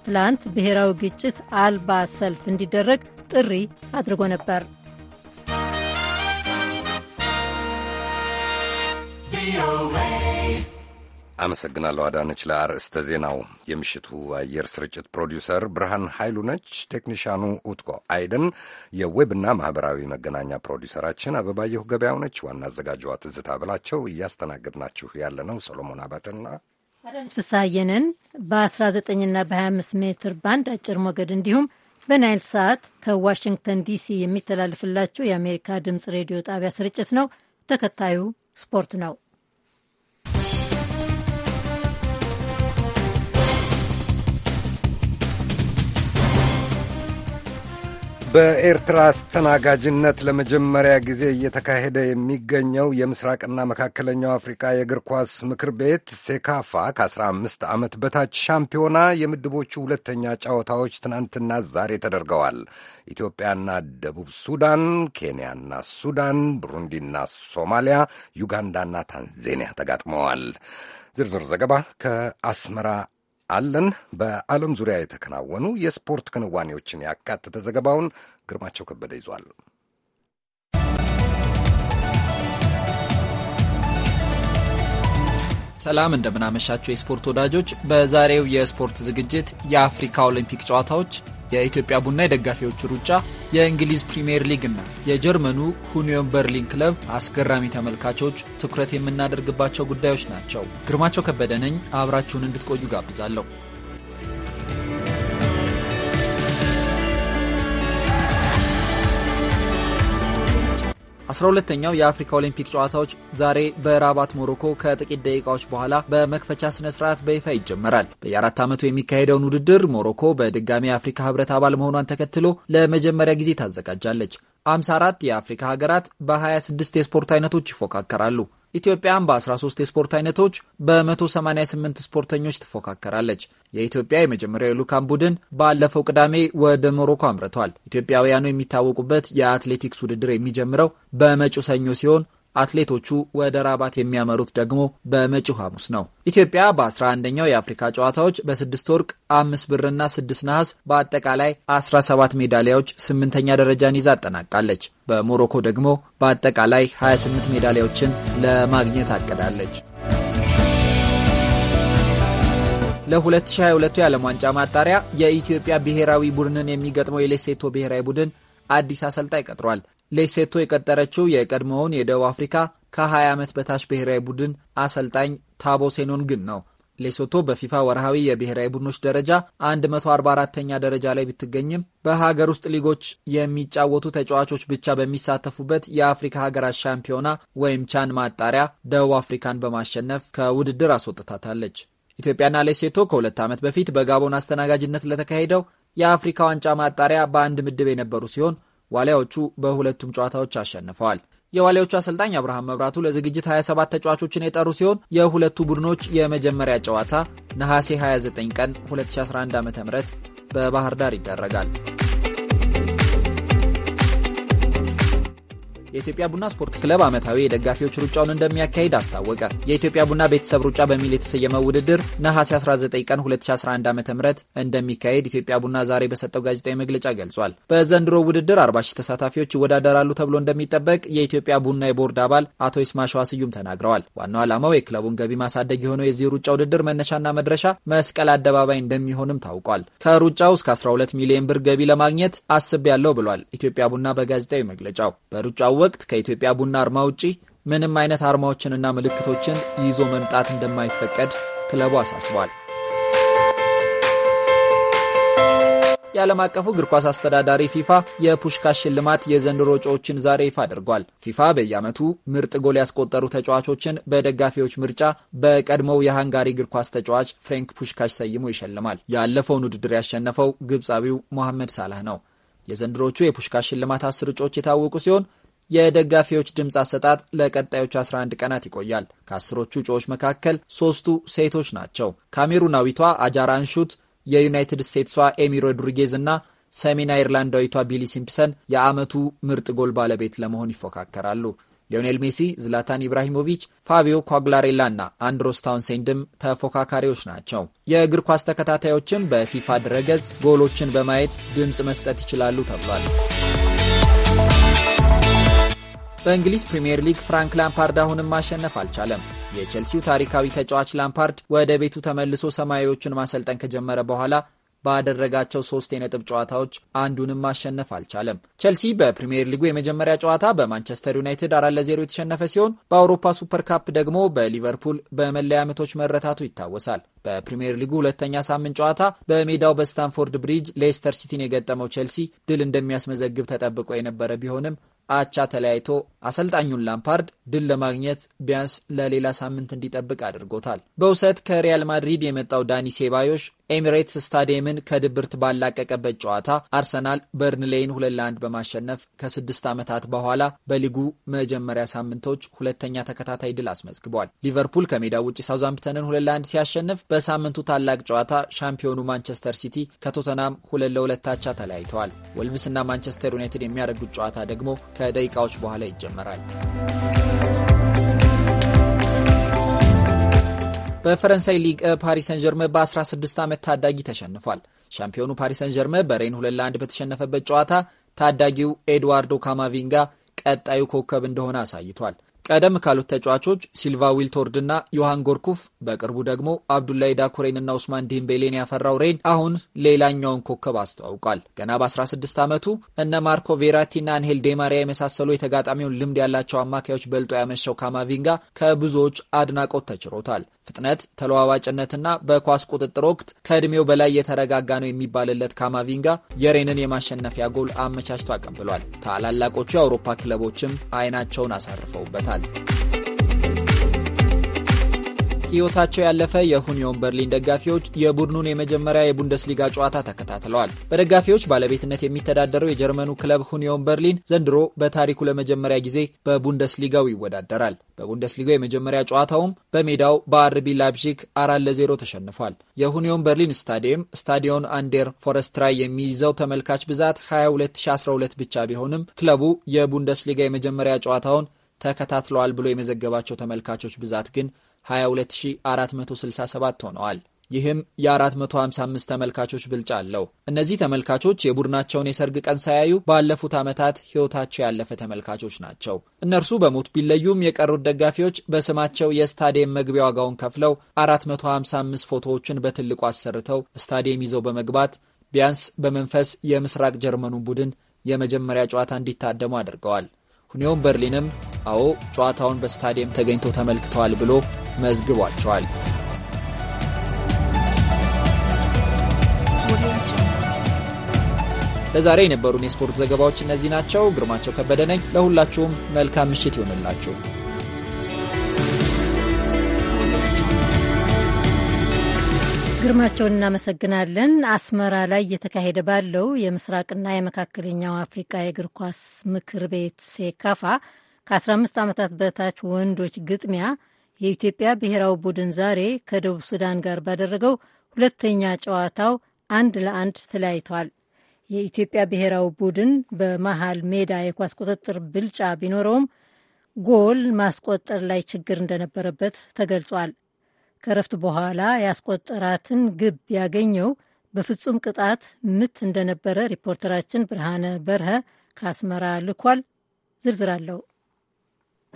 ትላንት ብሔራዊ ግጭት አልባ ሰልፍ እንዲደረግ ጥሪ አድርጎ ነበር። አመሰግናለሁ አዳነች ለአርዕስተ ዜናው። የምሽቱ አየር ስርጭት ፕሮዲውሰር ብርሃን ኃይሉ ነች። ቴክኒሻኑ ኡትኮ አይደን፣ የዌብና ማኅበራዊ መገናኛ ፕሮዲውሰራችን አበባየሁ ገበያው ነች። ዋና አዘጋጅዋ ትዝታ ብላቸው፣ እያስተናገድናችሁ ያለነው ሰሎሞን አባተና አዳነች ፍስሐየንን በ19ና በ25 ሜትር ባንድ አጭር ሞገድ እንዲሁም በናይል ሰዓት ከዋሽንግተን ዲሲ የሚተላለፍላችሁ የአሜሪካ ድምፅ ሬዲዮ ጣቢያ ስርጭት ነው። ተከታዩ ስፖርት ነው። በኤርትራ አስተናጋጅነት ለመጀመሪያ ጊዜ እየተካሄደ የሚገኘው የምስራቅና መካከለኛው አፍሪካ የእግር ኳስ ምክር ቤት ሴካፋ ከ15 ዓመት በታች ሻምፒዮና የምድቦቹ ሁለተኛ ጨዋታዎች ትናንትና ዛሬ ተደርገዋል። ኢትዮጵያና ደቡብ ሱዳን፣ ኬንያና ሱዳን፣ ብሩንዲና ሶማሊያ፣ ዩጋንዳና ታንዛኒያ ተጋጥመዋል። ዝርዝር ዘገባ ከአስመራ አለን። በዓለም ዙሪያ የተከናወኑ የስፖርት ክንዋኔዎችን ያካተተ ዘገባውን ግርማቸው ከበደ ይዟል። ሰላም እንደምናመሻቸው የስፖርት ወዳጆች። በዛሬው የስፖርት ዝግጅት የአፍሪካ ኦሊምፒክ ጨዋታዎች የኢትዮጵያ ቡና የደጋፊዎች ሩጫ፣ የእንግሊዝ ፕሪምየር እና የጀርመኑ ሁኒዮን በርሊን ክለብ አስገራሚ ተመልካቾች ትኩረት የምናደርግባቸው ጉዳዮች ናቸው። ግርማቸው ከበደ ነኝ። አብራችሁን እንድትቆዩ ጋብዛለሁ። 12ኛው የአፍሪካ ኦሊምፒክ ጨዋታዎች ዛሬ በራባት ሞሮኮ ከጥቂት ደቂቃዎች በኋላ በመክፈቻ ስነ ስርዓት በይፋ ይጀመራል። በየአራት ዓመቱ የሚካሄደውን ውድድር ሞሮኮ በድጋሚ የአፍሪካ ህብረት አባል መሆኗን ተከትሎ ለመጀመሪያ ጊዜ ታዘጋጃለች። 54 የአፍሪካ ሀገራት በ26 የስፖርት አይነቶች ይፎካከራሉ። ኢትዮጵያም በ13 የስፖርት አይነቶች በ188 ስፖርተኞች ትፎካከራለች። የኢትዮጵያ የመጀመሪያው የልዑካን ቡድን ባለፈው ቅዳሜ ወደ ሞሮኮ አምርቷል። ኢትዮጵያውያኑ የሚታወቁበት የአትሌቲክስ ውድድር የሚጀምረው በመጪው ሰኞ ሲሆን አትሌቶቹ ወደ ራባት የሚያመሩት ደግሞ በመጪው ሐሙስ ነው። ኢትዮጵያ በ11ኛው የአፍሪካ ጨዋታዎች በስድስት ወርቅ፣ አምስት ብርና ስድስት ነሐስ በአጠቃላይ 17 ሜዳሊያዎች ስምንተኛ ደረጃን ይዛ አጠናቃለች። በሞሮኮ ደግሞ በአጠቃላይ 28 ሜዳሊያዎችን ለማግኘት አቅዳለች። ለ2022 የዓለም ዋንጫ ማጣሪያ የኢትዮጵያ ብሔራዊ ቡድንን የሚገጥመው የሌሴቶ ብሔራዊ ቡድን አዲስ አሰልጣኝ ቀጥሯል። ሌሴቶ የቀጠረችው የቀድሞውን የደቡብ አፍሪካ ከ20 ዓመት በታች ብሔራዊ ቡድን አሰልጣኝ ታቦ ሴኖንግን ነው። ሌሶቶ በፊፋ ወርሃዊ የብሔራዊ ቡድኖች ደረጃ 144ኛ ደረጃ ላይ ብትገኝም በሀገር ውስጥ ሊጎች የሚጫወቱ ተጫዋቾች ብቻ በሚሳተፉበት የአፍሪካ ሀገራት ሻምፒዮና ወይም ቻን ማጣሪያ ደቡብ አፍሪካን በማሸነፍ ከውድድር አስወጥታታለች። ኢትዮጵያና ሌሴቶ ከሁለት ዓመት በፊት በጋቦን አስተናጋጅነት ለተካሄደው የአፍሪካ ዋንጫ ማጣሪያ በአንድ ምድብ የነበሩ ሲሆን ዋሊያዎቹ በሁለቱም ጨዋታዎች አሸንፈዋል። የዋሊያዎቹ አሰልጣኝ አብርሃም መብራቱ ለዝግጅት 27 ተጫዋቾችን የጠሩ ሲሆን የሁለቱ ቡድኖች የመጀመሪያ ጨዋታ ነሐሴ 29 ቀን 2011 ዓ ም በባህር ዳር ይደረጋል። የኢትዮጵያ ቡና ስፖርት ክለብ ዓመታዊ የደጋፊዎች ሩጫውን እንደሚያካሂድ አስታወቀ። የኢትዮጵያ ቡና ቤተሰብ ሩጫ በሚል የተሰየመው ውድድር ነሐሴ 19 ቀን 2011 ዓ ም እንደሚካሄድ ኢትዮጵያ ቡና ዛሬ በሰጠው ጋዜጣዊ መግለጫ ገልጿል። በዘንድሮ ውድድር 40 ሺህ ተሳታፊዎች ይወዳደራሉ ተብሎ እንደሚጠበቅ የኢትዮጵያ ቡና የቦርድ አባል አቶ ይስማሸዋ ስዩም ተናግረዋል። ዋናው ዓላማው የክለቡን ገቢ ማሳደግ የሆነው የዚህ ሩጫ ውድድር መነሻና መድረሻ መስቀል አደባባይ እንደሚሆንም ታውቋል። ከሩጫው እስከ 12 ሚሊዮን ብር ገቢ ለማግኘት ያለው ብሏል። ኢትዮጵያ ቡና በጋዜጣዊ መግለጫው በሩጫው ወቅት ከኢትዮጵያ ቡና አርማ ውጪ ምንም አይነት አርማዎችንና ምልክቶችን ይዞ መምጣት እንደማይፈቀድ ክለቡ አሳስቧል። የዓለም አቀፉ እግር ኳስ አስተዳዳሪ ፊፋ የፑሽካሽ ሽልማት የዘንድሮ እጩዎችን ዛሬ ይፋ አድርጓል። ፊፋ በየዓመቱ ምርጥ ጎል ያስቆጠሩ ተጫዋቾችን በደጋፊዎች ምርጫ በቀድሞው የሃንጋሪ እግር ኳስ ተጫዋች ፍሬንክ ፑሽካሽ ሰይሞ ይሸልማል። ያለፈውን ውድድር ያሸነፈው ግብፃዊው ሞሐመድ ሳላህ ነው። የዘንድሮቹ የፑሽካሽ ሽልማት አስር እጩዎች የታወቁ ሲሆን የደጋፊዎች ድምፅ አሰጣጥ ለቀጣዮቹ 11 ቀናት ይቆያል። ከአስሮቹ እጩዎች መካከል ሶስቱ ሴቶች ናቸው። ካሜሩናዊቷ አጃራ አንሹት፣ የዩናይትድ ስቴትሷ ኤሚ ሮድሪጌዝ እና ሰሜን አይርላንዳዊቷ ቢሊ ሲምፕሰን የዓመቱ ምርጥ ጎል ባለቤት ለመሆን ይፎካከራሉ። ሊዮኔል ሜሲ፣ ዝላታን ኢብራሂሞቪች፣ ፋቢዮ ኳግላሬላ እና አንድሮስ ታውንሴንድም ተፎካካሪዎች ናቸው። የእግር ኳስ ተከታታዮችም በፊፋ ድረገጽ ጎሎችን በማየት ድምፅ መስጠት ይችላሉ ተብሏል። በእንግሊዝ ፕሪምየር ሊግ ፍራንክ ላምፓርድ አሁንም ማሸነፍ አልቻለም። የቼልሲው ታሪካዊ ተጫዋች ላምፓርድ ወደ ቤቱ ተመልሶ ሰማያዊዎቹን ማሰልጠን ከጀመረ በኋላ ባደረጋቸው ሶስት የነጥብ ጨዋታዎች አንዱንም ማሸነፍ አልቻለም። ቸልሲ በፕሪምየር ሊጉ የመጀመሪያ ጨዋታ በማንቸስተር ዩናይትድ አራት ለዜሮ የተሸነፈ ሲሆን በአውሮፓ ሱፐር ካፕ ደግሞ በሊቨርፑል በመለያ ዓመቶች መረታቱ ይታወሳል። በፕሪምየር ሊጉ ሁለተኛ ሳምንት ጨዋታ በሜዳው በስታንፎርድ ብሪጅ ሌስተር ሲቲን የገጠመው ቸልሲ ድል እንደሚያስመዘግብ ተጠብቆ የነበረ ቢሆንም አቻ ተለያይቶ አሰልጣኙን ላምፓርድ ድል ለማግኘት ቢያንስ ለሌላ ሳምንት እንዲጠብቅ አድርጎታል። በውሰት ከሪያል ማድሪድ የመጣው ዳኒ ሴባዮሽ ኤሚሬትስ ስታዲየምን ከድብርት ባላቀቀበት ጨዋታ አርሰናል በርንሌይን ሁለት ለአንድ በማሸነፍ ከስድስት ዓመታት በኋላ በሊጉ መጀመሪያ ሳምንቶች ሁለተኛ ተከታታይ ድል አስመዝግቧል። ሊቨርፑል ከሜዳ ውጭ ሳውዛምፕተንን ሁለት ለአንድ ሲያሸንፍ በሳምንቱ ታላቅ ጨዋታ ሻምፒዮኑ ማንቸስተር ሲቲ ከቶተናም ሁለት ለሁለት አቻ ተለያይተዋል። ወልቭስና ማንቸስተር ዩናይትድ የሚያደርጉት ጨዋታ ደግሞ ከደቂቃዎች በኋላ ይጀመራል። በፈረንሳይ ሊግ ፓሪስ ሰን ጀርመን በ16 ዓመት ታዳጊ ተሸንፏል። ሻምፒዮኑ ፓሪስ ሰን ጀርመን በሬን ሁለት ለአንድ በተሸነፈበት ጨዋታ ታዳጊው ኤድዋርዶ ካማቪንጋ ቀጣዩ ኮከብ እንደሆነ አሳይቷል። ቀደም ካሉት ተጫዋቾች ሲልቫ ዊልቶርድ እና ዮሃን ጎርኩፍ፣ በቅርቡ ደግሞ አብዱላይ ዳኩሬን እና ኡስማን ዲምቤሌን ያፈራው ሬን አሁን ሌላኛውን ኮከብ አስተዋውቋል። ገና በ16 ዓመቱ እነ ማርኮ ቬራቲና አንሄል ዴማሪያ የመሳሰሉ የተጋጣሚውን ልምድ ያላቸው አማካዮች በልጦ ያመሸው ካማቪንጋ ከብዙዎች አድናቆት ተችሮታል። ፍጥነት፣ ተለዋዋጭነትና በኳስ ቁጥጥር ወቅት ከዕድሜው በላይ የተረጋጋ ነው የሚባልለት ካማቪንጋ የሬንን የማሸነፊያ ጎል አመቻችቶ አቀብሏል። ታላላቆቹ የአውሮፓ ክለቦችም አይናቸውን አሳርፈውበታል። ሕይወታቸው ያለፈ የሁኒዮን በርሊን ደጋፊዎች የቡድኑን የመጀመሪያ የቡንደስሊጋ ጨዋታ ተከታትለዋል። በደጋፊዎች ባለቤትነት የሚተዳደረው የጀርመኑ ክለብ ሁኒዮን በርሊን ዘንድሮ በታሪኩ ለመጀመሪያ ጊዜ በቡንደስሊጋው ይወዳደራል። በቡንደስሊጋው የመጀመሪያ ጨዋታውም በሜዳው በአርቢ ላይፕዚግ አራት ለዜሮ ተሸንፏል። የሁኒዮን በርሊን ስታዲየም ስታዲዮን አንዴር ፎረስትራይ የሚይዘው ተመልካች ብዛት 22012 ብቻ ቢሆንም ክለቡ የቡንደስሊጋ የመጀመሪያ ጨዋታውን ተከታትለዋል ብሎ የመዘገባቸው ተመልካቾች ብዛት ግን 22467 ሆነዋል። ይህም የ455 ተመልካቾች ብልጫ አለው። እነዚህ ተመልካቾች የቡድናቸውን የሰርግ ቀን ሳያዩ ባለፉት ዓመታት ሕይወታቸው ያለፈ ተመልካቾች ናቸው። እነርሱ በሞት ቢለዩም የቀሩት ደጋፊዎች በስማቸው የስታዲየም መግቢያ ዋጋውን ከፍለው 455 ፎቶዎችን በትልቁ አሰርተው ስታዲየም ይዘው በመግባት ቢያንስ በመንፈስ የምስራቅ ጀርመኑን ቡድን የመጀመሪያ ጨዋታ እንዲታደሙ አድርገዋል። ሁኔውም በርሊንም አዎ ጨዋታውን በስታዲየም ተገኝተው ተመልክተዋል ብሎ መዝግቧቸዋል። ለዛሬ የነበሩን የስፖርት ዘገባዎች እነዚህ ናቸው። ግርማቸው ከበደ ነኝ። ለሁላችሁም መልካም ምሽት ይሆንላችሁ። ግርማቸውን እናመሰግናለን። አስመራ ላይ እየተካሄደ ባለው የምስራቅና የመካከለኛው አፍሪቃ የእግር ኳስ ምክር ቤት ሴካፋ ከ15 ዓመታት በታች ወንዶች ግጥሚያ የኢትዮጵያ ብሔራዊ ቡድን ዛሬ ከደቡብ ሱዳን ጋር ባደረገው ሁለተኛ ጨዋታው አንድ ለአንድ ተለያይቷል። የኢትዮጵያ ብሔራዊ ቡድን በመሃል ሜዳ የኳስ ቁጥጥር ብልጫ ቢኖረውም ጎል ማስቆጠር ላይ ችግር እንደነበረበት ተገልጿል። ከረፍት በኋላ ያስቆጠራትን ግብ ያገኘው በፍጹም ቅጣት ምት እንደነበረ ሪፖርተራችን ብርሃነ በርሀ ከአስመራ ልኳል። ዝርዝር አለው።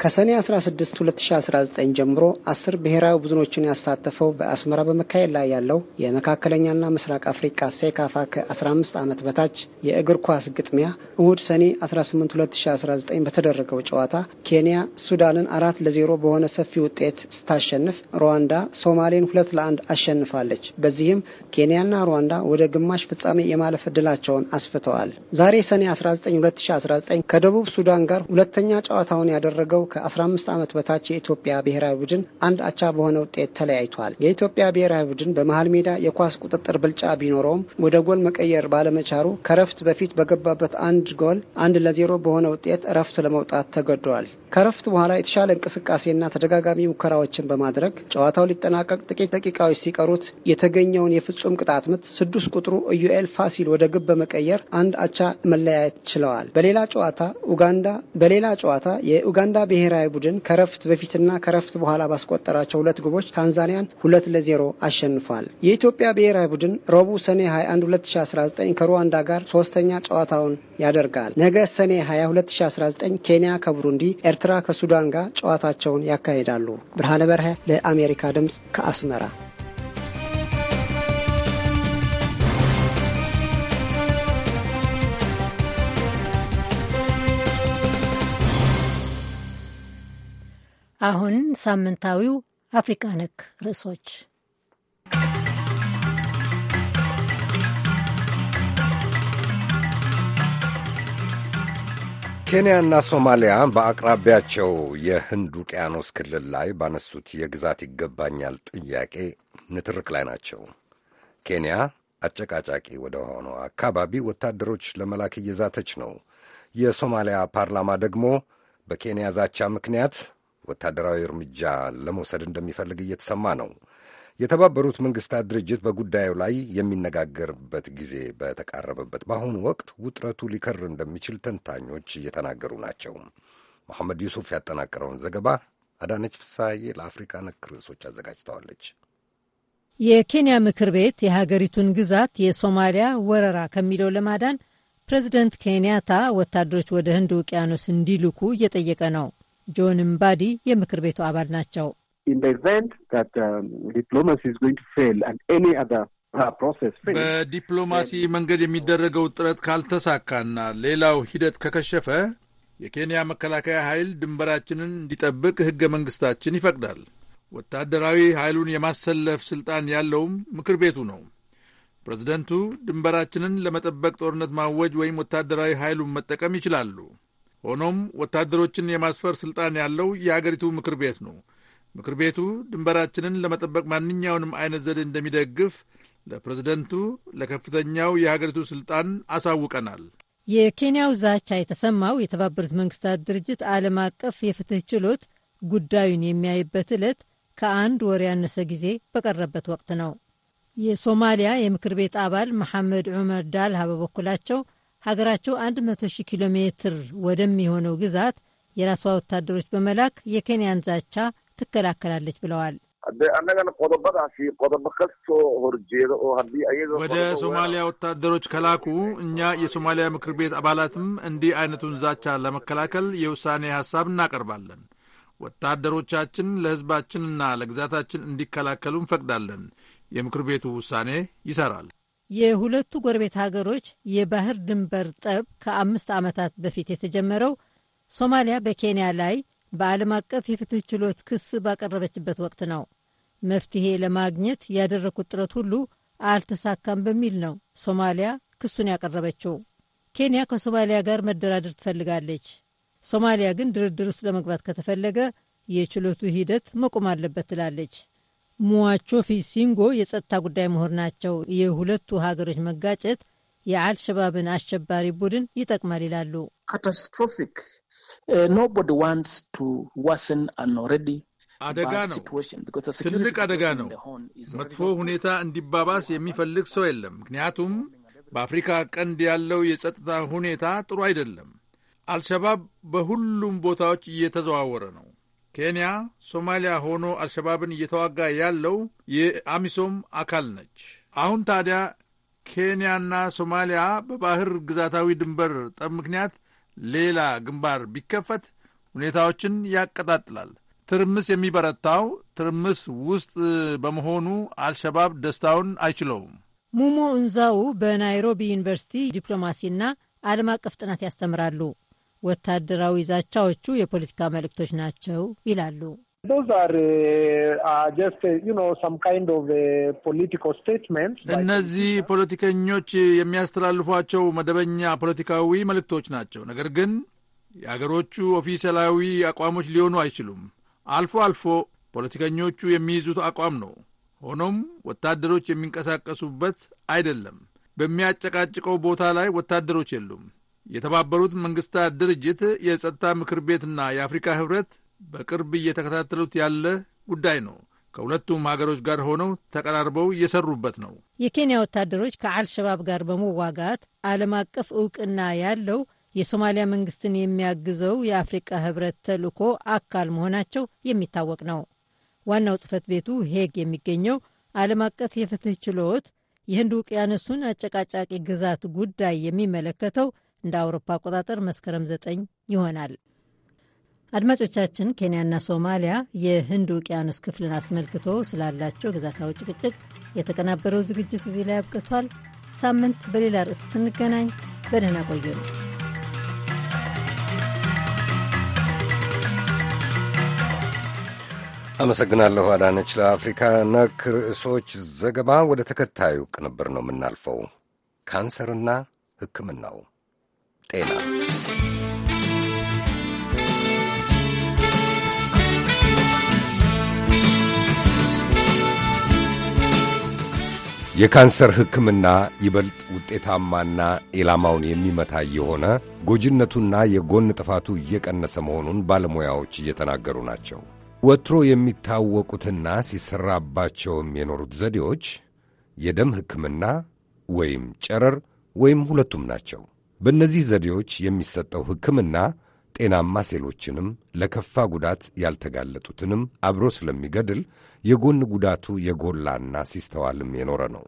ከሰኔ 16 2019 ጀምሮ አስር ብሔራዊ ቡድኖችን ያሳተፈው በአስመራ በመካሄድ ላይ ያለው የመካከለኛና ምስራቅ አፍሪካ ሴካፋ ከ15 ዓመት በታች የእግር ኳስ ግጥሚያ እሁድ ሰኔ 18 2019 በተደረገው ጨዋታ ኬንያ ሱዳንን አራት ለዜሮ በሆነ ሰፊ ውጤት ስታሸንፍ ሩዋንዳ ሶማሌን ሁለት ለአንድ አሸንፋለች። በዚህም ኬንያና ሩዋንዳ ወደ ግማሽ ፍጻሜ የማለፍ እድላቸውን አስፍተዋል። ዛሬ ሰኔ 19 2019 ከደቡብ ሱዳን ጋር ሁለተኛ ጨዋታውን ያደረገው ከ15 ዓመት በታች የኢትዮጵያ ብሔራዊ ቡድን አንድ አቻ በሆነ ውጤት ተለያይቷል። የኢትዮጵያ ብሔራዊ ቡድን በመሀል ሜዳ የኳስ ቁጥጥር ብልጫ ቢኖረውም ወደ ጎል መቀየር ባለመቻሩ ከረፍት በፊት በገባበት አንድ ጎል አንድ ለዜሮ በሆነ ውጤት እረፍት ለመውጣት ተገደዋል። ከረፍት በኋላ የተሻለ እንቅስቃሴና ተደጋጋሚ ሙከራዎችን በማድረግ ጨዋታው ሊጠናቀቅ ጥቂት ደቂቃዎች ሲቀሩት የተገኘውን የፍጹም ቅጣት ምት ስድስት ቁጥሩ ኢዩኤል ፋሲል ወደ ግብ በመቀየር አንድ አቻ መለያየት ችለዋል። በሌላ ጨዋታ ኡጋንዳ በሌላ ጨዋታ የኡጋንዳ ብሔራዊ ቡድን ከረፍት በፊትና ከረፍት በኋላ ባስቆጠራቸው ሁለት ግቦች ታንዛኒያን ሁለት ለዜሮ አሸንፏል። የኢትዮጵያ ብሔራዊ ቡድን ረቡዕ ሰኔ 21 2019 ከሩዋንዳ ጋር ሶስተኛ ጨዋታውን ያደርጋል። ነገ ሰኔ 22019 2019 ኬንያ ከቡሩንዲ፣ ኤርትራ ከሱዳን ጋር ጨዋታቸውን ያካሂዳሉ። ብርሃነ በርሀ ለአሜሪካ ድምፅ ከአስመራ አሁን ሳምንታዊው አፍሪካ ነክ ርዕሶች ኬንያና ሶማሊያ በአቅራቢያቸው የህንድ ውቅያኖስ ክልል ላይ ባነሱት የግዛት ይገባኛል ጥያቄ ንትርክ ላይ ናቸው። ኬንያ አጨቃጫቂ ወደ ሆነው አካባቢ ወታደሮች ለመላክ እየዛተች ነው። የሶማሊያ ፓርላማ ደግሞ በኬንያ ዛቻ ምክንያት ወታደራዊ እርምጃ ለመውሰድ እንደሚፈልግ እየተሰማ ነው። የተባበሩት መንግስታት ድርጅት በጉዳዩ ላይ የሚነጋገርበት ጊዜ በተቃረበበት በአሁኑ ወቅት ውጥረቱ ሊከር እንደሚችል ተንታኞች እየተናገሩ ናቸው። መሐመድ ዩሱፍ ያጠናቀረውን ዘገባ አዳነች ፍሳዬ ለአፍሪካ ነክ ርዕሶች አዘጋጅተዋለች። የኬንያ ምክር ቤት የሀገሪቱን ግዛት የሶማሊያ ወረራ ከሚለው ለማዳን ፕሬዚደንት ኬንያታ ወታደሮች ወደ ህንድ ውቅያኖስ እንዲልኩ እየጠየቀ ነው። ጆን እምባዲ የምክር ቤቱ አባል ናቸው። um, uh, በዲፕሎማሲ መንገድ የሚደረገው ጥረት ካልተሳካና ሌላው ሂደት ከከሸፈ የኬንያ መከላከያ ኃይል ድንበራችንን እንዲጠብቅ ሕገ መንግሥታችን ይፈቅዳል። ወታደራዊ ኃይሉን የማሰለፍ ሥልጣን ያለውም ምክር ቤቱ ነው። ፕሬዝደንቱ ድንበራችንን ለመጠበቅ ጦርነት ማወጅ ወይም ወታደራዊ ኃይሉን መጠቀም ይችላሉ። ሆኖም ወታደሮችን የማስፈር ሥልጣን ያለው የአገሪቱ ምክር ቤት ነው። ምክር ቤቱ ድንበራችንን ለመጠበቅ ማንኛውንም አይነት ዘዴ እንደሚደግፍ ለፕሬዝደንቱ ለከፍተኛው የሀገሪቱ ሥልጣን አሳውቀናል። የኬንያው ዛቻ የተሰማው የተባበሩት መንግስታት ድርጅት ዓለም አቀፍ የፍትህ ችሎት ጉዳዩን የሚያይበት ዕለት ከአንድ ወር ያነሰ ጊዜ በቀረበት ወቅት ነው። የሶማሊያ የምክር ቤት አባል መሐመድ ዑመር ዳልሃ በበኩላቸው ሀገራቸው 100,000 ኪሎ ሜትር ወደሚሆነው ግዛት የራሷ ወታደሮች በመላክ የኬንያን ዛቻ ትከላከላለች ብለዋል። ወደ ሶማሊያ ወታደሮች ከላኩ እኛ የሶማሊያ ምክር ቤት አባላትም እንዲህ አይነቱን ዛቻ ለመከላከል የውሳኔ ሀሳብ እናቀርባለን። ወታደሮቻችን ለሕዝባችንና ለግዛታችን እንዲከላከሉ እንፈቅዳለን። የምክር ቤቱ ውሳኔ ይሰራል። የሁለቱ ጎረቤት ሀገሮች የባህር ድንበር ጠብ ከአምስት ዓመታት በፊት የተጀመረው ሶማሊያ በኬንያ ላይ በዓለም አቀፍ የፍትህ ችሎት ክስ ባቀረበችበት ወቅት ነው። መፍትሄ ለማግኘት ያደረግኩት ጥረት ሁሉ አልተሳካም በሚል ነው ሶማሊያ ክሱን ያቀረበችው። ኬንያ ከሶማሊያ ጋር መደራደር ትፈልጋለች። ሶማሊያ ግን ድርድር ውስጥ ለመግባት ከተፈለገ የችሎቱ ሂደት መቆም አለበት ትላለች። ሙዋቾ ፊሲንጎ የጸጥታ ጉዳይ ምሁር ናቸው። የሁለቱ ሀገሮች መጋጨት የአልሸባብን አሸባሪ ቡድን ይጠቅማል ይላሉ። ካታስትሮፊክ ቱ ዋስን አደጋ ነው። ትልቅ አደጋ ነው። መጥፎ ሁኔታ እንዲባባስ የሚፈልግ ሰው የለም። ምክንያቱም በአፍሪካ ቀንድ ያለው የጸጥታ ሁኔታ ጥሩ አይደለም። አልሸባብ በሁሉም ቦታዎች እየተዘዋወረ ነው። ኬንያ ሶማሊያ ሆኖ አልሸባብን እየተዋጋ ያለው የአሚሶም አካል ነች። አሁን ታዲያ ኬንያና ሶማሊያ በባህር ግዛታዊ ድንበር ጠብ ምክንያት ሌላ ግንባር ቢከፈት ሁኔታዎችን ያቀጣጥላል። ትርምስ የሚበረታው ትርምስ ውስጥ በመሆኑ አልሸባብ ደስታውን አይችለውም። ሙሞ እንዛው በናይሮቢ ዩኒቨርሲቲ ዲፕሎማሲና ዓለም አቀፍ ጥናት ያስተምራሉ። ወታደራዊ ዛቻዎቹ የፖለቲካ መልእክቶች ናቸው ይላሉ። እነዚህ ፖለቲከኞች የሚያስተላልፏቸው መደበኛ ፖለቲካዊ መልእክቶች ናቸው። ነገር ግን የአገሮቹ ኦፊሴላዊ አቋሞች ሊሆኑ አይችሉም። አልፎ አልፎ ፖለቲከኞቹ የሚይዙት አቋም ነው። ሆኖም ወታደሮች የሚንቀሳቀሱበት አይደለም። በሚያጨቃጭቀው ቦታ ላይ ወታደሮች የሉም። የተባበሩት መንግሥታት ድርጅት የጸጥታ ምክር ቤትና የአፍሪካ ኅብረት በቅርብ እየተከታተሉት ያለ ጉዳይ ነው። ከሁለቱም ሀገሮች ጋር ሆነው ተቀራርበው እየሰሩበት ነው። የኬንያ ወታደሮች ከአልሸባብ ጋር በመዋጋት ዓለም አቀፍ እውቅና ያለው የሶማሊያ መንግስትን የሚያግዘው የአፍሪቃ ህብረት ተልእኮ አካል መሆናቸው የሚታወቅ ነው። ዋናው ጽህፈት ቤቱ ሄግ የሚገኘው ዓለም አቀፍ የፍትህ ችሎት የህንድ ውቅያኖሱን አጨቃጫቂ ግዛት ጉዳይ የሚመለከተው እንደ አውሮፓ አቆጣጠር መስከረም 9 ይሆናል። አድማጮቻችን፣ ኬንያና ሶማሊያ የህንድ ውቅያኖስ ክፍልን አስመልክቶ ስላላቸው ግዛታዊ ጭቅጭቅ የተቀናበረው ዝግጅት እዚህ ላይ አብቅቷል። ሳምንት በሌላ ርዕስ እስክንገናኝ በደህና ቆዩ ነው። አመሰግናለሁ አዳነች። ለአፍሪካ ነክ ርዕሶች ዘገባ ወደ ተከታዩ ቅንብር ነው የምናልፈው፣ ካንሰርና ህክምናው። ጤና የካንሰር ሕክምና ይበልጥ ውጤታማና ኢላማውን የሚመታ የሆነ ጎጂነቱና የጎን ጥፋቱ እየቀነሰ መሆኑን ባለሙያዎች እየተናገሩ ናቸው። ወትሮ የሚታወቁትና ሲሰራባቸውም የኖሩት ዘዴዎች የደም ሕክምና ወይም ጨረር ወይም ሁለቱም ናቸው። በእነዚህ ዘዴዎች የሚሰጠው ሕክምና ጤናማ ሴሎችንም ለከፋ ጉዳት ያልተጋለጡትንም አብሮ ስለሚገድል የጎን ጉዳቱ የጎላና ሲስተዋልም የኖረ ነው።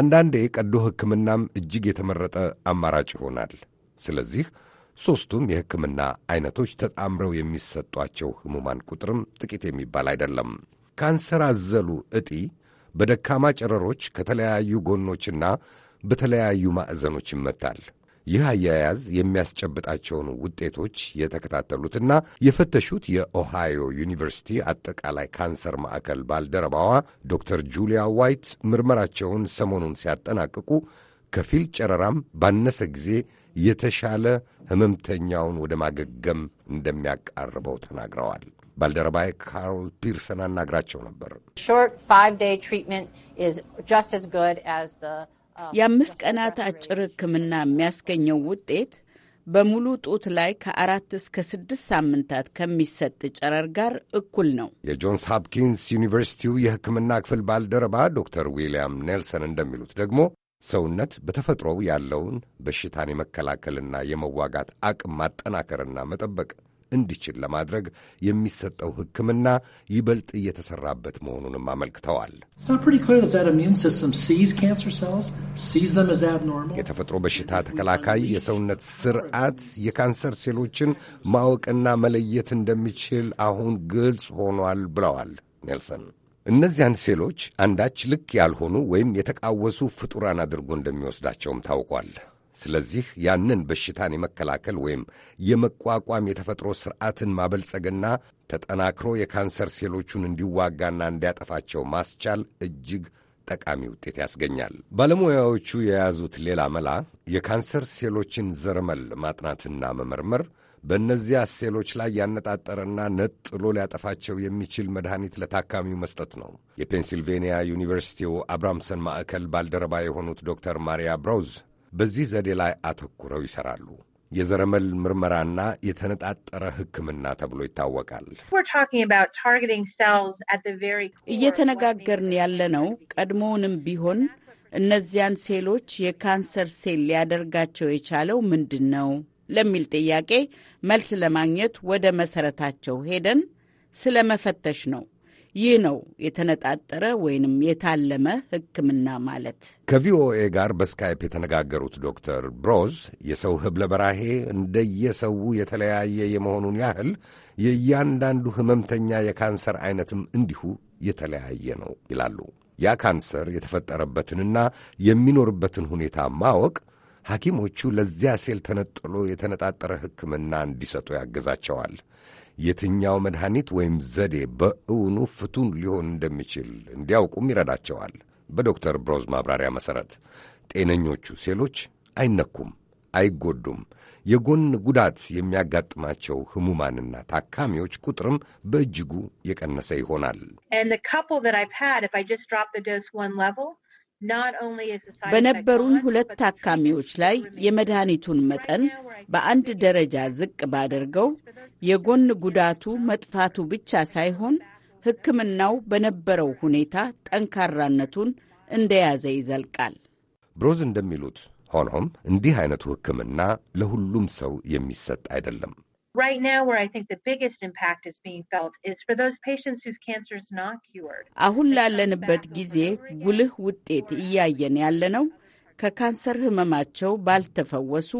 አንዳንዴ ቀዶ ሕክምናም እጅግ የተመረጠ አማራጭ ይሆናል። ስለዚህ ሦስቱም የሕክምና ዐይነቶች ተጣምረው የሚሰጧቸው ሕሙማን ቁጥርም ጥቂት የሚባል አይደለም። ካንሰር አዘሉ እጢ በደካማ ጨረሮች ከተለያዩ ጎኖችና በተለያዩ ማዕዘኖች ይመታል። ይህ አያያዝ የሚያስጨብጣቸውን ውጤቶች የተከታተሉትና የፈተሹት የኦሃዮ ዩኒቨርሲቲ አጠቃላይ ካንሰር ማዕከል ባልደረባዋ ዶክተር ጁሊያ ዋይት ምርመራቸውን ሰሞኑን ሲያጠናቅቁ ከፊል ጨረራም ባነሰ ጊዜ የተሻለ ህመምተኛውን ወደ ማገገም እንደሚያቃርበው ተናግረዋል። ባልደረባዬ ካሮል ፒርሰን አናግራቸው ነበር። የአምስት ቀናት አጭር ሕክምና የሚያስገኘው ውጤት በሙሉ ጡት ላይ ከአራት እስከ ስድስት ሳምንታት ከሚሰጥ ጨረር ጋር እኩል ነው። የጆንስ ሀፕኪንስ ዩኒቨርሲቲው የሕክምና ክፍል ባልደረባ ዶክተር ዊልያም ኔልሰን እንደሚሉት ደግሞ ሰውነት በተፈጥሮው ያለውን በሽታን የመከላከልና የመዋጋት አቅም ማጠናከርና መጠበቅ እንዲችል ለማድረግ የሚሰጠው ሕክምና ይበልጥ እየተሰራበት መሆኑንም አመልክተዋል። የተፈጥሮ በሽታ ተከላካይ የሰውነት ስርዓት የካንሰር ሴሎችን ማወቅና መለየት እንደሚችል አሁን ግልጽ ሆኗል ብለዋል ኔልሰን። እነዚያን ሴሎች አንዳች ልክ ያልሆኑ ወይም የተቃወሱ ፍጡራን አድርጎ እንደሚወስዳቸውም ታውቋል። ስለዚህ ያንን በሽታን የመከላከል ወይም የመቋቋም የተፈጥሮ ስርዓትን ማበልጸግና ተጠናክሮ የካንሰር ሴሎቹን እንዲዋጋና እንዲያጠፋቸው ማስቻል እጅግ ጠቃሚ ውጤት ያስገኛል። ባለሙያዎቹ የያዙት ሌላ መላ የካንሰር ሴሎችን ዘረመል ማጥናትና መመርመር፣ በእነዚያ ሴሎች ላይ ያነጣጠረና ነጥሎ ሊያጠፋቸው የሚችል መድኃኒት ለታካሚው መስጠት ነው። የፔንሲልቬንያ ዩኒቨርሲቲው አብራምሰን ማዕከል ባልደረባ የሆኑት ዶክተር ማሪያ ብራውዝ በዚህ ዘዴ ላይ አተኩረው ይሰራሉ። የዘረመል ምርመራና የተነጣጠረ ሕክምና ተብሎ ይታወቃል። እየተነጋገርን ያለነው ቀድሞውንም ቢሆን እነዚያን ሴሎች የካንሰር ሴል ሊያደርጋቸው የቻለው ምንድን ነው ለሚል ጥያቄ መልስ ለማግኘት ወደ መሰረታቸው ሄደን ስለ መፈተሽ ነው። ይህ ነው የተነጣጠረ ወይንም የታለመ ሕክምና ማለት። ከቪኦኤ ጋር በስካይፕ የተነጋገሩት ዶክተር ብሮዝ የሰው ህብለ በራሄ እንደየሰው የተለያየ የመሆኑን ያህል የእያንዳንዱ ህመምተኛ የካንሰር አይነትም እንዲሁ የተለያየ ነው ይላሉ። ያ ካንሰር የተፈጠረበትንና የሚኖርበትን ሁኔታ ማወቅ ሐኪሞቹ ለዚያ ሴል ተነጥሎ የተነጣጠረ ሕክምና እንዲሰጡ ያግዛቸዋል። የትኛው መድኃኒት ወይም ዘዴ በእውኑ ፍቱን ሊሆን እንደሚችል እንዲያውቁም ይረዳቸዋል። በዶክተር ብሮዝ ማብራሪያ መሠረት ጤነኞቹ ሴሎች አይነኩም፣ አይጎዱም። የጎን ጉዳት የሚያጋጥማቸው ህሙማንና ታካሚዎች ቁጥርም በእጅጉ የቀነሰ ይሆናል። በነበሩን ሁለት ታካሚዎች ላይ የመድኃኒቱን መጠን በአንድ ደረጃ ዝቅ ባደርገው የጎን ጉዳቱ መጥፋቱ ብቻ ሳይሆን ሕክምናው በነበረው ሁኔታ ጠንካራነቱን እንደያዘ ይዘልቃል። ብሮዝ እንደሚሉት ሆኖም እንዲህ አይነቱ ሕክምና ለሁሉም ሰው የሚሰጥ አይደለም። right now where I think the biggest impact is being felt is for those patients whose cancer is not cured. አሁን ላለንበት ጊዜ ጉልህ ውጤት እያየን ያለነው ከካንሰር ህመማቸው ባልተፈወሱ